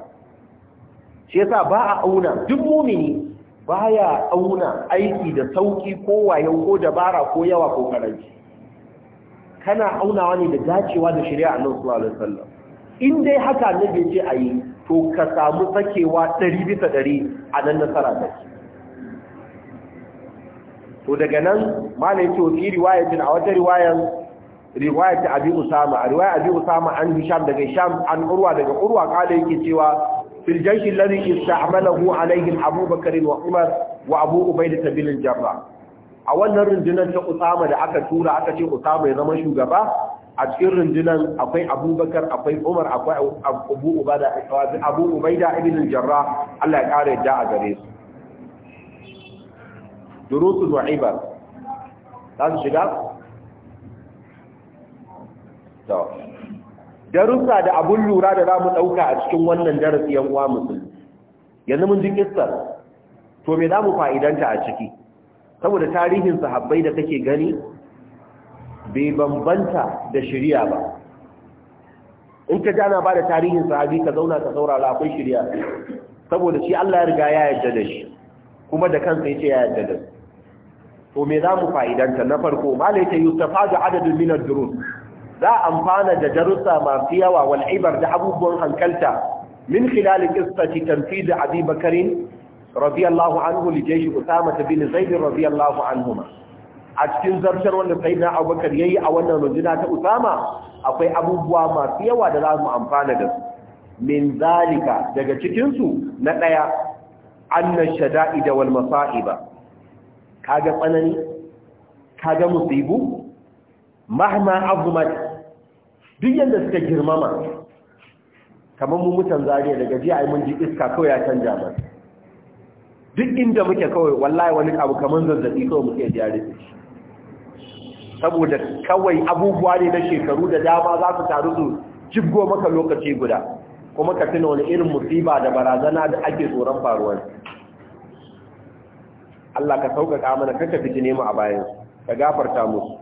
shi yasa ba a auna duk mumini baya auna aiki da sauki ko wayo ko dabara ko yawa ko karanci kana aunawa ne da dacewa da shari'a Annabi sallallahu alaihi wasallam in dai haka bai ce ayi to ka samu sakewa 100 bisa 100 a nan nasara da to daga nan malai ce fi riwayatin a wata riwayan riwayat abi usama a riwayat abi usama an hisham daga hisham an urwa daga urwa kada yake cewa fil jaysh alladhi ista'malahu alaihim Abu Bakr wa Umar Abu Ubaidah bin al-Jarrah a wannan rundunar ta Usama da aka tura aka ce Usama ya zama shugaba a cikin rundunar akwai abubakar akwai umar akwai abu ubaida ibn jarra Allah ya a gare su za su shiga? darussa da abun lura da za mu ɗauka a cikin wannan darasi yan uwa musulmi yanzu mun ji kissar to me za mu fa'idanta a ciki saboda tarihin sahabbai da kake gani bai bambanta da shirya ba in ka jana ba da tarihin sahabi ka zauna ka saurara akwai shirya saboda shi Allah ya riga ya yarda da shi kuma da kansa yace ya yarda da to me za mu fa'idanta na farko malaita ta yustafadu adadun min ad-durus za a amfana da darussa masu yawa walibar da abubuwan hankalta min khilal da tanfid abi bakarin radiyallahu anhu li jaysh usama bin zaid radiyallahu anhuma a cikin zartar wanda sayyidina abubakar yayi a wannan runduna ta usama akwai abubuwa masu yawa da za mu amfana da su min zalika daga cikin su na daya anna shada'ida wal masa'iba kaga tsanani kaga musibu mahma azumat duk yadda suka girmama kamar mu mutan zariya daga jiya ai mun ji iska kawai ya canja mana duk inda muke kawai wallahi wani abu kamar zazzabi kawai muke jari saboda kawai abubuwa ne na shekaru da dama za su taru su jibgo maka lokaci guda kuma ka tuna wani irin musiba da barazana da ake tsoron faruwar Allah ka sauƙaƙa mana kaka fiti mu a bayan ka gafarta musu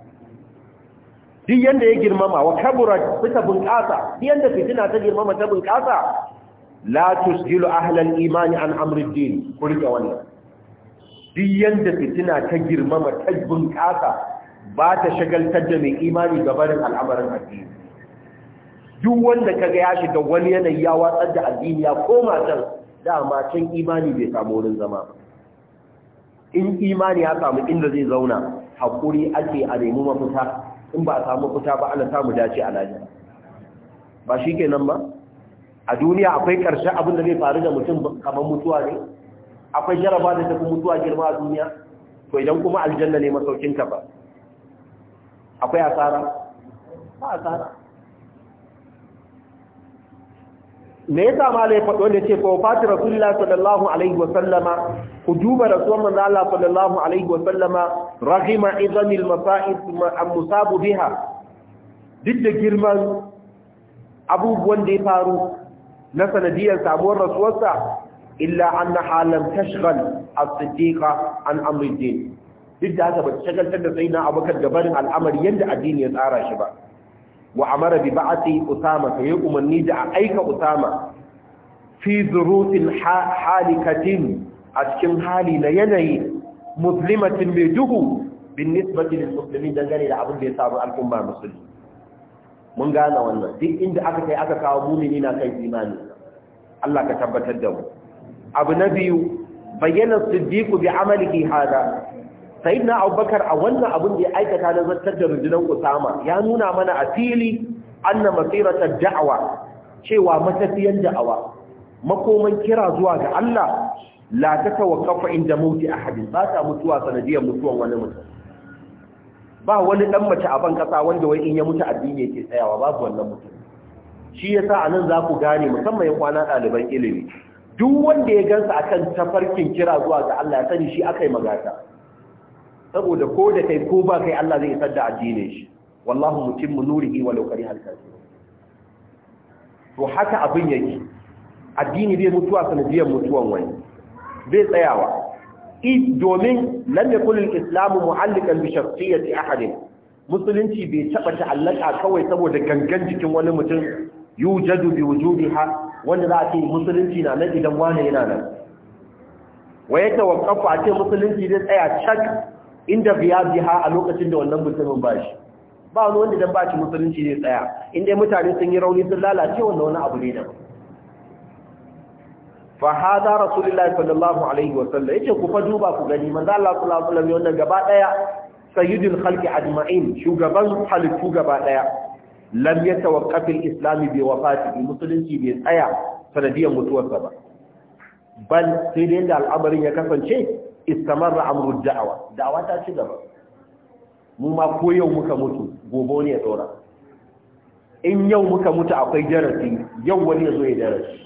duk yanda ya girmama wa kabura suka bunƙasa duk yanda fitina ta girmama ta bunƙasa la tusjilu ahlal imani an din ku rike wannan duk yanda fitina ta girmama ta bunƙasa ba ta shagaltar da mai imani barin al'amarin addini duk wanda kaga ya shiga wani yanayi ya watsar da addini ya koma can dama can imani bai samu wurin zama in imani ya samu inda zai zauna haƙuri ake a nemi mafita in ba a samu kuta ba ana samu dace a lafiya ba shi kenan ba a duniya akwai ƙarshen abin da zai faru da mutum kamar mutuwa ne akwai jaraba da tafi mutuwa girma a duniya to idan kuma aljanna ne masaukinka ba akwai asara ba asara me yasa mala ya faɗo ne ce fa wafati rasulullah sallallahu alaihi wa sallama hujuba rasulun manzo Allah sallallahu alaihi wa rahima idan al masa'ib am musabu biha duk da girman abubuwan da ya faru na sanadiyar samuwar rasuwarsa illa anna halam tashghal as-siddiqa an amri din duk da haka ba shagaltar da sayyidina abubakar gabarin al'amari yanda addini ya tsara shi ba wa amara bi ba'ati usama sai umarni da a aika usama fi zurufin halikatin a cikin hali na yanayi muslimatin mai duhu bin nisbati lil muslimin dangane da abin da ya samu al'umma musulmi mun gane wannan duk inda aka kai aka kawo mumini na kan imani Allah ka tabbatar da mu abu na biyu bayyana siddiqu bi amalihi hada na abubakar a wannan abin da ya aikata na zartar da rundunar usama ya nuna mana a fili anna matsirar da'awa cewa matafiyan da'awa makoman kira zuwa ga Allah la ta tawakkafa inda mauti ahadin ba ta mutuwa sanadiyar mutuwan wani mutum ba wani dan mace a ban kasa wanda wai in ya mutu addini yake tsayawa babu wannan mutum shi yasa anan za ku gane musamman ya kwana ɗaliban ilimi duk wanda ya gansa akan tafarkin kira zuwa ga Allah ya sani shi aka yi magata saboda ko da kai ko ba kai Allah zai isar da addinin shi wallahu mutimmu nurihi wa law kariha al-kafirun to haka abin yake addini bai mutuwa sanadiyar mutuwan wani bai tsayawa domin lam yakul al-islam mu'alliqan bi shakhsiyati ahadin musulunci bai taba ta'allaka kawai saboda gangan jikin wani mutum yujadu bi wujudiha wanda za a ce musulunci na nan idan wani yana nan wa ya tawakkafa a ce musulunci zai tsaya cak inda ziha a lokacin da wannan musulmin ba shi ba wani wanda dan ba shi musulunci ne tsaya inda mutane sun yi rauni sun lalace wanda wani abu ne da fa hada rasulullahi sallallahu alaihi wa sallam yace ku fa duba ku gani manzo Allah sallallahu alaihi wa sallam wannan gaba daya sayyidul khalqi ajma'in shugaban halittu gaba daya lam yatawaqqaf al-islam bi wafatihi musulunci bai tsaya sanadiyar mutuwarsa ba bal sai da al'amarin ya kasance istamarra amru da'awa da'awa ta ci gaba mu ma ko yau muka mutu gobe ne ya dora in yau muka mutu akwai darasi yau wani ya zo ya darasi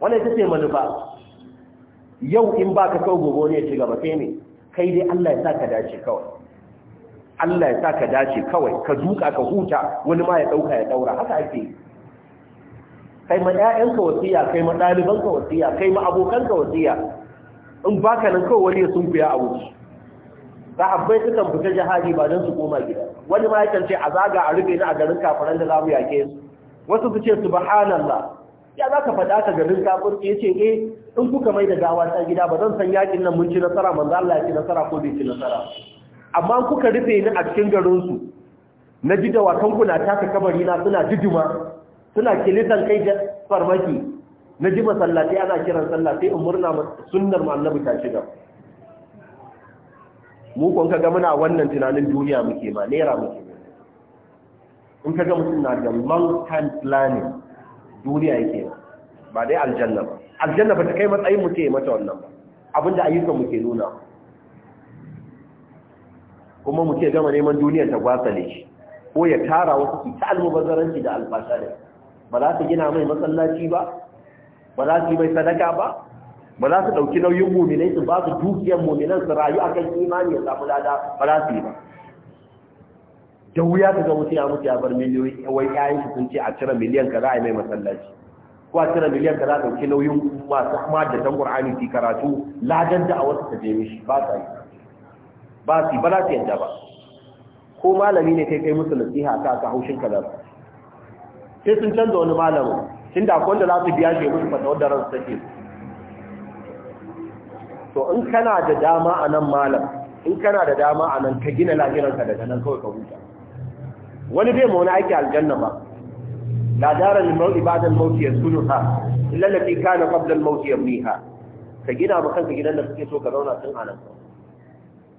wannan ita ce manufa yau in ba ka kawo gobe ne ya ci gaba sai ne kai dai Allah ya sa ka dace kawai Allah ya sa ka dace kawai ka duka ka huta wani ma ya dauka ya daura haka ake yi kai ma ƴaƴanka wasiya kai ma ɗalibanka wasiya kai ma abokanka wasiya in baka nan kawai wani ya sunkuya a wuce bai sukan fita jihadi ba don su koma gida wani ma yakan ce a zaga a rufe ni a garin kafiran da za mu yake su wasu su ce subhanallah ya za ka faɗa ka garin kafin ya ce eh in kuka mai da gawa ta gida ba zan san yakin nan mun ci nasara manzo Allah ya ci nasara ko bai ci nasara amma kuka rufe ni a cikin garin su na ji da dawakan na taka kabari na suna jijima suna kilitan kai da farmaki na ji masallaci ana kiran sallah sai in murna sunnar mu annabi ta shiga mu kun kaga muna wannan tunanin duniya muke ma naira muke in kaga mutum na da long time planning duniya yake ba dai aljanna ba aljanna ba ta kai matsayin mu ce mata wannan ba abinda ayyukan muke nuna kuma muke gama neman duniya ta gwasale shi ko ya tara wasu su ta almubazzaranci da alfasha ba za ta gina mai masallaci ba ba za su yi mai sadaka ba ba za su ɗauki nauyin mominai su ba su dukiyar mominan su rayu a kan imani ya samu lada ba za su yi ba da wuya ka ga wuce ya mutu ya bar miliyoyi wai yayin su sun ce a cire miliyan za a yi mai masallaci ko a cire miliyan a ɗauki nauyin masu kuma da san qur'ani fi karatu ladan da a wasu ta je mishi ba sa yi ba su ba za su yadda ba ko malami ne kai kai musu nasiha ka ka haushin kaza sai sun canza wani malamin tun da akwai wanda za su biya shi musu fata wadda ransu take to in kana da dama a nan malam in kana da dama a nan ka gina lahiranka daga nan kawai ka huta wani bai mauna aiki aljanna ba la dara lil mawt ba'da al mawt yaskunuha illa allati kana qabla al mawt yabniha ka gina ba kanka gidan da kake so ka zauna tun anan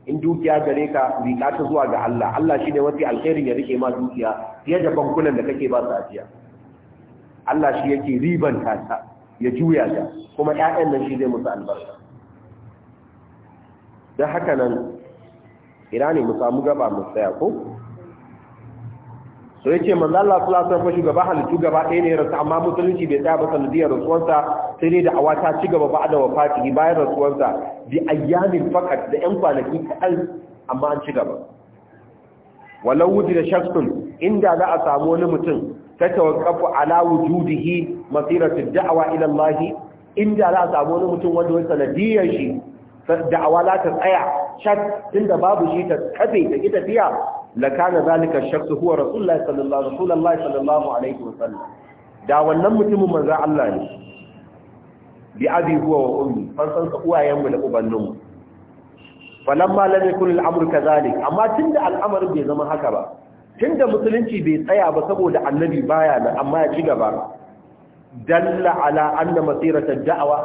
in dukiya gare ka rika ta zuwa ga Allah Allah shine wasi alherin ya rike ma dukiya fiye da bankunan da kake ba su ajiya Allah shi yake ribanta ta ya juya ta kuma ƴaƴan nan shi zai musu albarka Da haka nan ina ne mu samu gaba mu tsaya ko so yace manzo Allah sallallahu alaihi wasallam shugaba halittu gaba ɗaya ne rasu amma musulunci bai tsaya ba sanadiyar rasuwarsa sai dai da awata ci gaba ba da wafati bayan rasuwarsa bi ayyamin fakat da ƴan kwanaki kaɗan amma an ci gaba walau da shakhsun inda za a samu wani mutum tatawaqqafu ala wujudihi masiratu da'wa ila Allah inda za a samu wani mutum wanda wani sanadiyar shi da'awa za ta tsaya shak tunda babu shi ta kafe ta ita fiya. la kana zalika shakku huwa rasulullahi sallallahu rasulullahi sallallahu alaihi wasallam da wannan mutumin manzo Allah ne bi abi huwa wa ummi fan san ka uwayenmu da ubanninmu falamma lam yakun al-amru kadhalik amma tunda al'amarin bai zama haka ba tun da musulunci bai tsaya ba saboda annabi baya nan amma ya ci gaba dalla ala anna masirata da'awa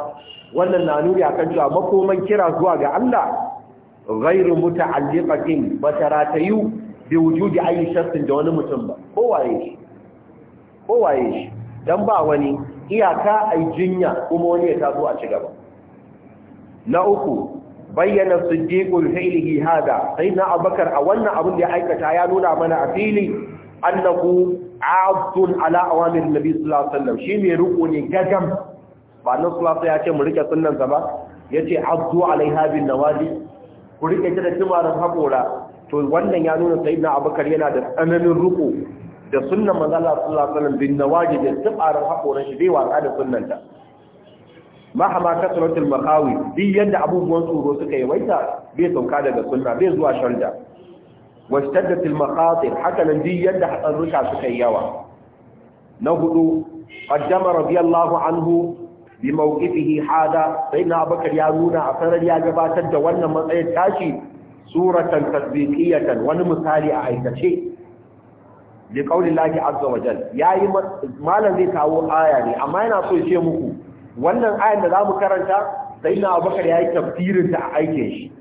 wannan na nuni akan cewa makoman kira zuwa ga Allah ghairu muta'alliqatin yu bi wujudi ayi shartin da wani mutum ba ko waye shi Ko waye shi dan ba wani iyaka ai jinya kuma wani ya tazo a ci gaba na uku bayyana siddiqul fi'lihi hada sayyidina abubakar a wannan abin da ya aikata ya nuna mana a fili annahu abdun ala awamir nabi sallallahu alaihi wasallam shi mai ne gagam ba nan sallallahu ya ce mu rike sunnan sa ba yace abdu alaiha bin nawadi ku rike ta da timaran hakora to wannan ya nuna sayyidina abubakar yana da tsananin riko da sunnan manzo Allah sallallahu alaihi wasallam bin nawadi da timaran hakoran shi bai wasa da sunnanta mahama kasratul makawi duk yadda abubuwan tsoro suka yawaita bai sauka daga sunna bai zuwa sharda washtaddatil maqatir haka nan duk yadda hatsarruka suka yawa na hudu qaddama radiyallahu anhu bi mawqifihi hada na abubakar ya nuna a sanar ya gabatar da wannan matsayin tashi suratan tasbiqiyatan wani misali a aikace li qawli azza wa jalla yayi malam zai kawo aya ne amma yana so ya ce muku wannan ayan da za mu karanta sai na abubakar ya yi tafsirin ta a aikin shi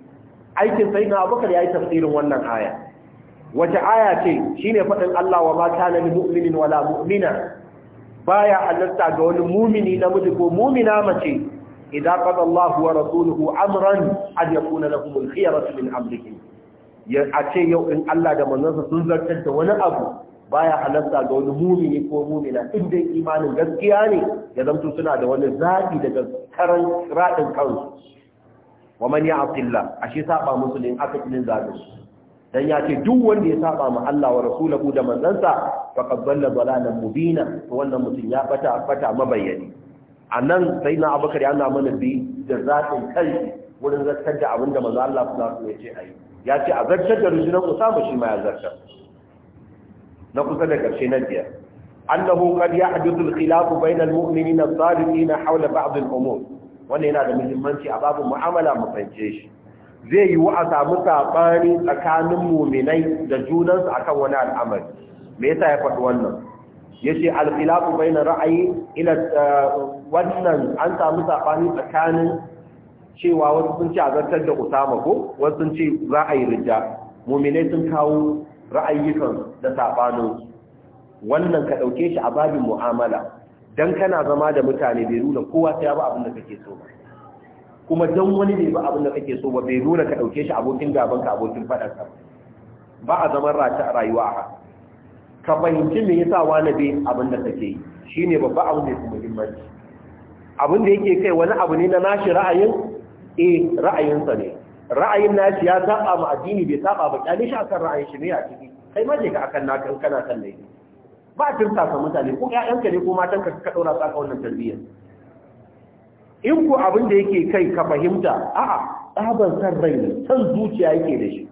aikin sai na abubakar ya yi tafsirin wannan aya wace aya ce shine faɗin Allah wa mata kana mu'minin wala mu'mina baya halatta ga wani mumini namiji ko mumina mace idan qada Allah wa rasuluhu amran an yakuna lahum al khiyaratu min amrihim ya ace yau in Allah da manzansa sun zartar da wani abu baya halarta ga wani mumini ko mumina in imanin gaskiya ne ya zamto suna da wani zaɓi daga karan raɗin kansu wa man ya'ti ashe saba musu ne aka tilin zaɓi dan ya ce duk wanda ya saba ma Allah wa rasulahu da manzansa faqad dalla dalalan mubina to wannan mutum ya fata fata mabayyani anan sai na Abubakar ya nuna mana bi da zaɓin kai wurin zartar da abinda manzo Allah sallallahu alaihi wasallam ya ce ya ce a zartar da rujulan Usama shi ma ya zartar na kusa da ƙarshe na biyar annahu qad yahduthu al-khilaf bayna al-mu'minina as-sadiqina hawla ba'd al-umur wannan yana da muhimmanci a babu mu'amala mu fahimce shi zai yi wa a samu sabani tsakanin mu'minai da junansu akan wani al'amari me yasa ya faɗi wannan yace al-khilaf bayna ra'ayi ila eh, wannan an samu sabani tsakanin cewa wasu sun ci azartar da Usama ko wasu sun ce za a yi rija mu'minai sun kawo ra'ayyukan da saɓanin wannan ka ɗauke shi a babin mu'amala don kana zama da mutane bai nuna kowa sai ba abin da kake so ba kuma don wani bai ba abin da kake so ba bai nuna ka ɗauke shi abokin gaban ka abokin faɗan ka ba a zaman rata a rayuwa a ka fahimci me yasa wani bai abin da kake yi shine babba abin da yake muhimmanci abin da yake kai wani abu ne na nashi ra'ayin eh ra'ayinsa ne ra'ayin nashi ya saba ma addini bai saba ba kyale shi akan ra'ayin shi ne a ciki kai ma ka akan naka kana kan laifi ba a tirsa ka mutane ko ƴaƴanka ne ko matan ka ka daura saka wannan tarbiyyar in ku abin da yake kai ka fahimta a'a tsaban san rai ne san zuciya yake da shi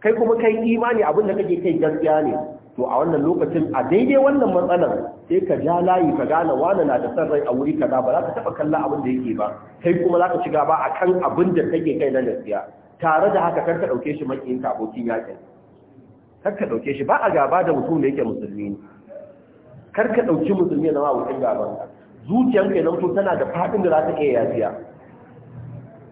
kai kuma kai imani abin da kake kai gaskiya ne to a wannan lokacin a daidai wannan matsalar sai ka ja layi ka gane wani na da san rai a wuri kaza ba za ka taba kalla abin da yake ba kai kuma za ka ci gaba akan abin da kake kai na gaskiya tare da haka karka ɗauke shi makiyinka abokin yakin karka ɗauke shi ba a gaba da mutum da yake musulmi ne karka ɗauki musulmi zama abokin gaban zuciyanka ya zamto tana da faɗin da za ta iya yafiya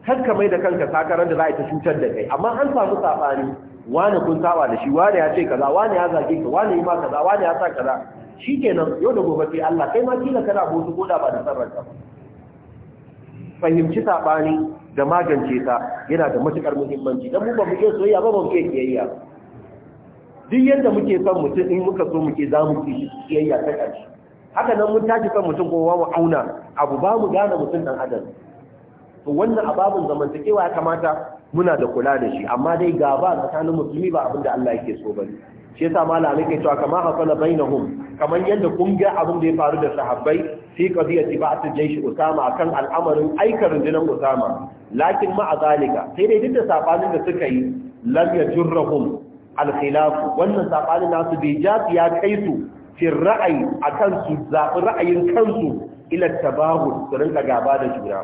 karka mai da kanka sakarar da za a ta cutar da kai amma an samu saɓani Wani kun saba da shi Wani ya ce kaza Wani ya zage ka wani yi ma kaza Wani ya sa kaza shi kenan yau da gobe sai Allah kai ma kila kana bosu koda ba da sarrafa ba fahimci saɓani da magance ta yana da matukar muhimmanci dan mu ba mu soyayya ba ba mu kiyayya duk yadda muke son mutum in muka so muke za mu ki kiyayya ta ƙarshe haka nan mun tashi son mutum kowa mu auna abu ba mu gane mutum dan adam to wannan ababun zamantakewa ya kamata muna da kula da shi amma dai gaba tsakanin musulmi ba abinda Allah yake so ba shi yasa malamai ke cewa kama hasala bainahum kamar yadda kun ga abin da ya faru da sahabbai fi qadiyati ba'th al-jaysh Usama kan al'amarin aika rundunar Usama lakin ma azalika sai dai duk da sabanin da suka yi lam yajurruhum al-khilaf wannan sabanin nasu bai jafi ya kai su fi ra'ayi akan su zabi ra'ayin kansu ila tabahul su rinka gaba da juna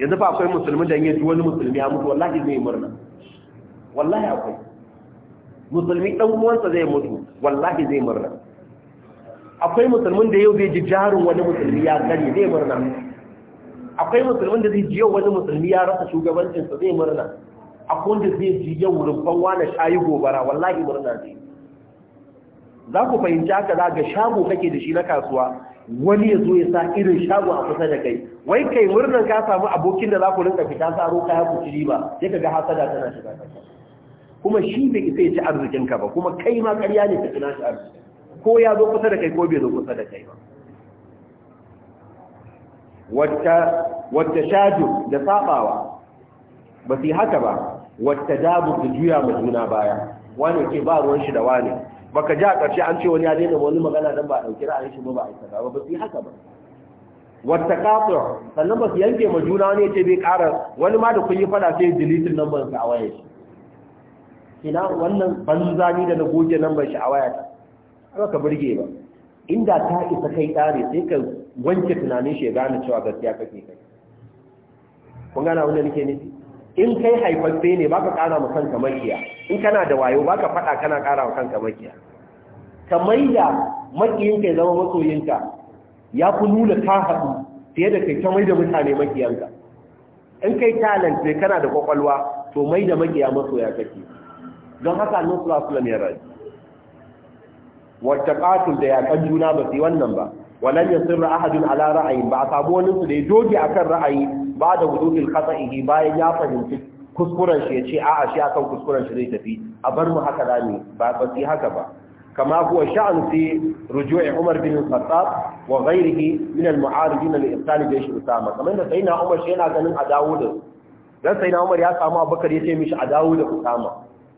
yanzu fa akwai musulmi da yaji wani musulmi ya mutu wallahi zai murna wallahi akwai musulmi dan uwansa zai mutu wallahi zai murna akwai musulmin da yau zai ji jarin wani musulmi ya kare zai murna akwai musulmin da zai ji yau wani musulmi ya rasa shugabancinsa zai murna akwai wanda zai ji yau rumfan wani shayi gobara wallahi murna zai za ku fahimci haka za ga shago kake da shi na kasuwa wani ya zo ya sa irin shago a kusa da kai wai kai murnan ka samu abokin da za ku rinka fita tsaro kaya ku ci riba sai ka ga hasada tana shiga kuma shi bai isa ya ci arzikinka ba kuma kai ma ƙarya ne ka tuna shi arziki ko ya zo kusa da kai ko bai zo kusa da kai ba wata shaju da sabawa ba su haka ba wata dabu da juya mu juna baya wani ke ba ruwan shi da wani baka ji a ƙarshe an ce wani ya daina wani magana don ba a ɗauki ra'ayin shi ba ba a isa ba ba su haka ba wata kafir sannan ba su yanke ma juna wani ya ce bai ƙara wani ma da kun yi fada sai dilitin nan ban sa a waya shi ina wannan banza ni da na goge nan ban shi a waya ta ba ka burge ba inda ta isa kai tsare sai ka wanke tunanin shi ya gane cewa gaskiya kake kai kun gana wanda nake nufi in kai haifaffe ne baka kara ma kanka makiya in kana da wayo baka fada kana kara ma kanka makiya kamar da makiyin kai zama masoyinka ya fi nuna ka haɗu fiye da kai ta mai da mutane makiyanka in kai talent ne kana da kwakwalwa to mai da makiya masoya kake don haka annabi sallallahu alaihi wasallam ya rayu wata ƙatul da yaƙan juna ba su wannan ba walan ya sirra ahadun ala ra'ayin ba a samu wani su da ya doge akan ra'ayi ba da wudu'il khata'ihi bayan ya fahimci kuskuren shi ya ce a'a shi akan kuskuren shi zai tafi a bar mu haka rami ba ba su haka ba kama kuwa sha'an fi ruju'i Umar bin Khattab wa ghayrihi min al-mu'aridin li ihsan jaysh Usama kamar da sayyidina Umar shi yana ganin a dawo da su. dan sayyidina Umar ya samu Abubakar ya ce mishi a dawo da Usama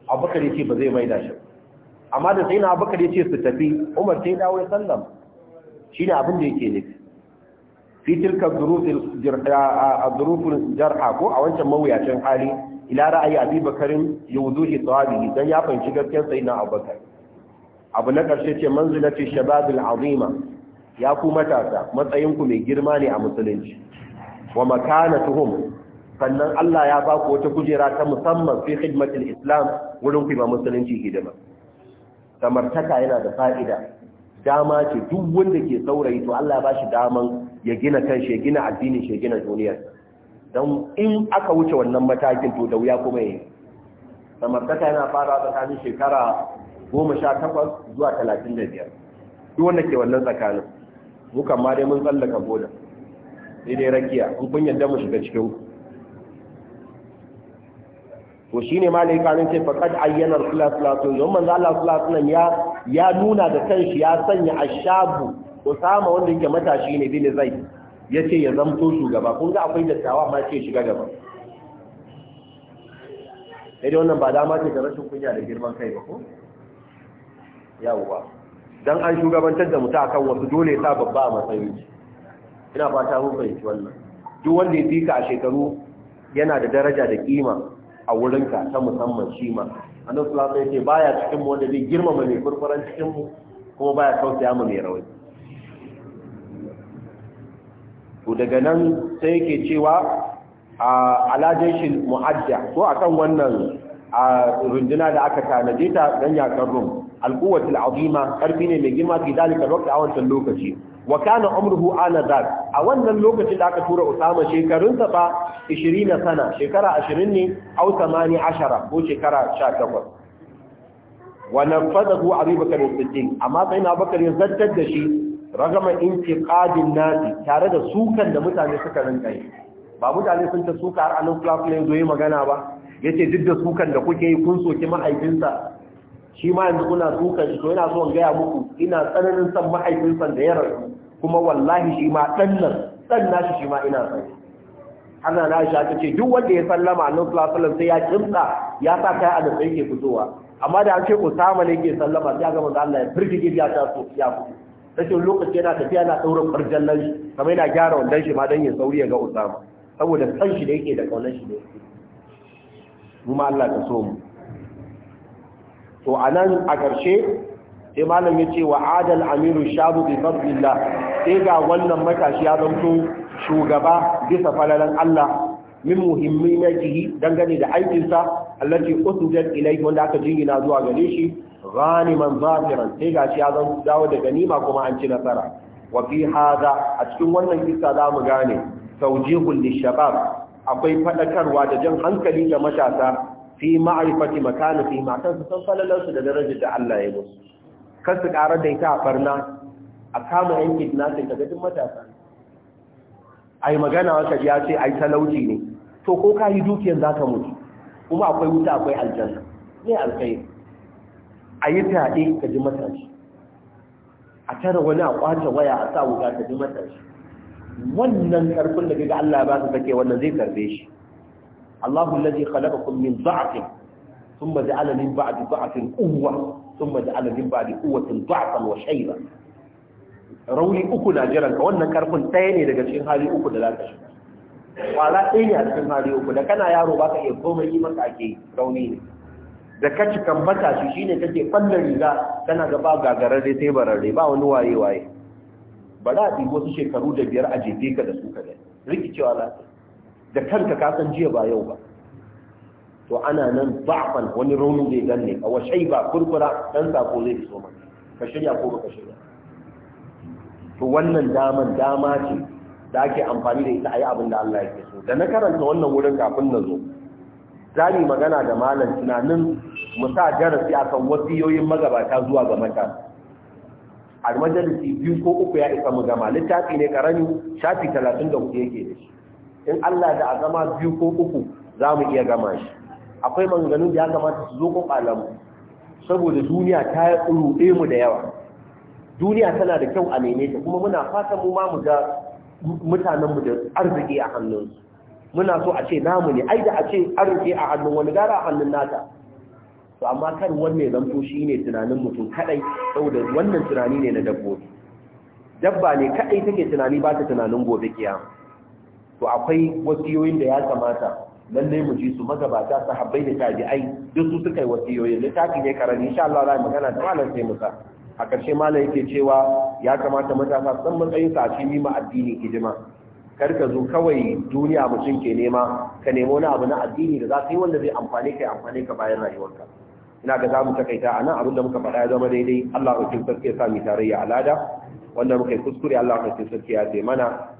Abubakar ya ce ba zai maida shi ba amma da sai na abubakar ya ce su tafi umar sai dawo ya sallam shi abin da yake nufi fi tilka zurufin jarha ko a wancan mawuyacin hali ila ra'ayi abi bakarin ya wuzu shi tsawabi don ya fahimci gaskiyar sai na abubakar abu na ƙarshe ce manzilati shababil azima ya ku matasa matsayinku mai girma ne a musulunci wa tuhum, sannan Allah ya ba ku wata kujera ta musamman fi khidmatil islam wurin ku ba musulunci hidima samartaka yana da fa'ida dama ce duk wanda ke saurayi to Allah ba shi daman ya gina shi ya gina addinin shi ya gina duniyar don in aka wuce wannan matakin to da wuya kuma yi samartaka yana fara tsakanin shekara goma sha takwas zuwa talatin da biyar duk wanda ke wannan tsakanin mukan ma dai mun tsallaka boda sai dai rakiya in kun yadda mu shiga cikin ku to shine malai kanin ce faqad ayyana rasulullah sallallahu alaihi wasallam manzo Allah sallallahu alaihi wasallam ya ya nuna da kanshi ya sanya ashabu usama wanda yake matashi ne bin zaid yace ya zamto shugaba kun ga akwai dattawa ma ce shiga gaba sai dai wannan ba dama ce da rashin kunya da girman kai ba ko yawwa dan an shugabantar da mutu akan wasu dole sa babba a matsayi ina fata mun fahimci wannan duk wanda ya fika a shekaru yana da daraja da kima a wurinka ta musamman shi ma annabi sallallahu alaihi wasallam baya cikin mu wanda zai girmama mai furfuran cikin mu kuma baya tausaya mu mai rauni to daga nan sai yake cewa a alajashin mu'adda ko akan wannan a runduna da aka tanaje ta dan yakan alkuwatul azima karfi ne mai girma fi dalika waqti a wannan lokaci wa kana umruhu ana a wannan lokacin da aka tura Usama shekarun sa fa 20 sana shekara 20 ne au 18 ko shekara 18 wa nafadahu Siddiq amma sai na Bakar ya da shi ragama intiqadin nasi tare da sukan da mutane suka rinka yi ba mutane sun ta suka har anan flafin yanzu yi magana ba yace duk da sukan da kuke yi kun soki mahaifinsa shi ma yanzu kuna tsukan shi to yana so gaya muku ina tsananin son mahaifinsa da ya rasu kuma wallahi shi ma ɗan nan ɗan nashi shi ma ina son ana na shi ta ce duk wanda ya sallama a sallallahu alaihi sai ya kimsa ya sa kai a da yake ke fitowa amma da an ce Usama ne ke sallama sai ga manzo Allah ya firgige ya ta so ya fito rashin lokaci yana tafiya na daura farjan nan shi kamar yana gyara wannan shi ma dan ya sauri ya ga Usama saboda san shi da yake da kaunar shi da yake mu ma Allah ka so mu to a nan a ƙarshe sai malam ya ce wa adal amiru shabu bi fadlillah sai ga wannan matashi ya zanto shugaba bisa falalan Allah min muhimmin najihi dangane da aikinsa allati usdat ilayhi wanda aka jingina zuwa gare shi ghaniman zafiran sai ga shi ya zanto dawo da ganima kuma an ci nasara wa fi hada a cikin wannan kissa za mu gane taujihul lishabab akwai fadakarwa da jan hankali ga matasa fi ma'arifati makana fi matan su san falalarsu da darajar da Allah ya musu kar su ƙara da ita a farna a kama yan kidnapping daga duk matasa ai magana wata ya ce ai talauci ne to ko ka yi dukiyar za ka mutu kuma akwai wuta akwai aljanna ne alkai a yi fyaɗe ka ji matashi a tara wani a kwace waya a sa wuta ka ji matashi wannan karfin da ga Allah ba su sake wannan zai karbe shi الله الذي خلقكم من ضعف ثم جعل من بعد ضعف قوة ثم جعل من بعد قوة ضعفا وشيبا rauni uku na jiran ka wannan karfin ɗaya ne daga cikin hali uku da za ka shiga ɗaya ne a cikin hali uku da kana yaro ba ka iya komai yi maka ake rauni ne da ka cika matashi shi ne kake ɓalla riga tana ga ba gagararre sai bararre ba wani waye waye ba za a ɗigo wasu shekaru da biyar a jefe ka da su ka gani rikicewa lafiya da kanka ka san jiya ba yau ba to ana nan ba'fan wani raunin zai danne a washai ba kurkura dan sako zai iso ma ka shirya ko ka shirya to wannan daman dama ce da ake amfani da ita ayi abin da Allah yake so da na karanta wannan wurin kafin na zo zani magana da malam tunanin mu sa darasi akan wasiyoyin magabata zuwa ga matasa a majalisi biyu ko uku ya isa mu gama littafi ne karami shafi talatin da hudu yake da shi in Allah da azama biyu ko uku za mu iya gama shi akwai manganin da ya kamata su zo kwakwalamu saboda duniya ta ruɗe mu da yawa duniya tana da kyau a nene ta kuma muna fata mu ma mu ga mutanenmu da arziki a hannunsu muna so a ce namu ne ai da a ce arziki a hannun wani gara a hannun nata to amma kan wanne zanto shi ne tunanin mutum kadai saboda wannan tunani ne na dabbobi dabba ne kadai take tunani ba ta tunanin gobe kiyama to akwai wasiyoyin da ya kamata lalle mu ji su magabata sahabbai da tabi'ai duk su suka yi wasiyoyin littafi ne karani insha Allah za mu magana da malam sai musa a karshe malam yake cewa ya kamata matasa san matsayin sa a cikin ma addini hidima kar ka zo kawai duniya mutum ke nema ka nemo wani abu na addini da za ka yi wanda zai amfane ka amfane ka bayan rayuwarka ina ga zamu takaita a nan abin da muka faɗa ya zama daidai Allah ya sarki ya sa mu tarayya alada wanda muka yi kuskure Allah ya sarki ya ce mana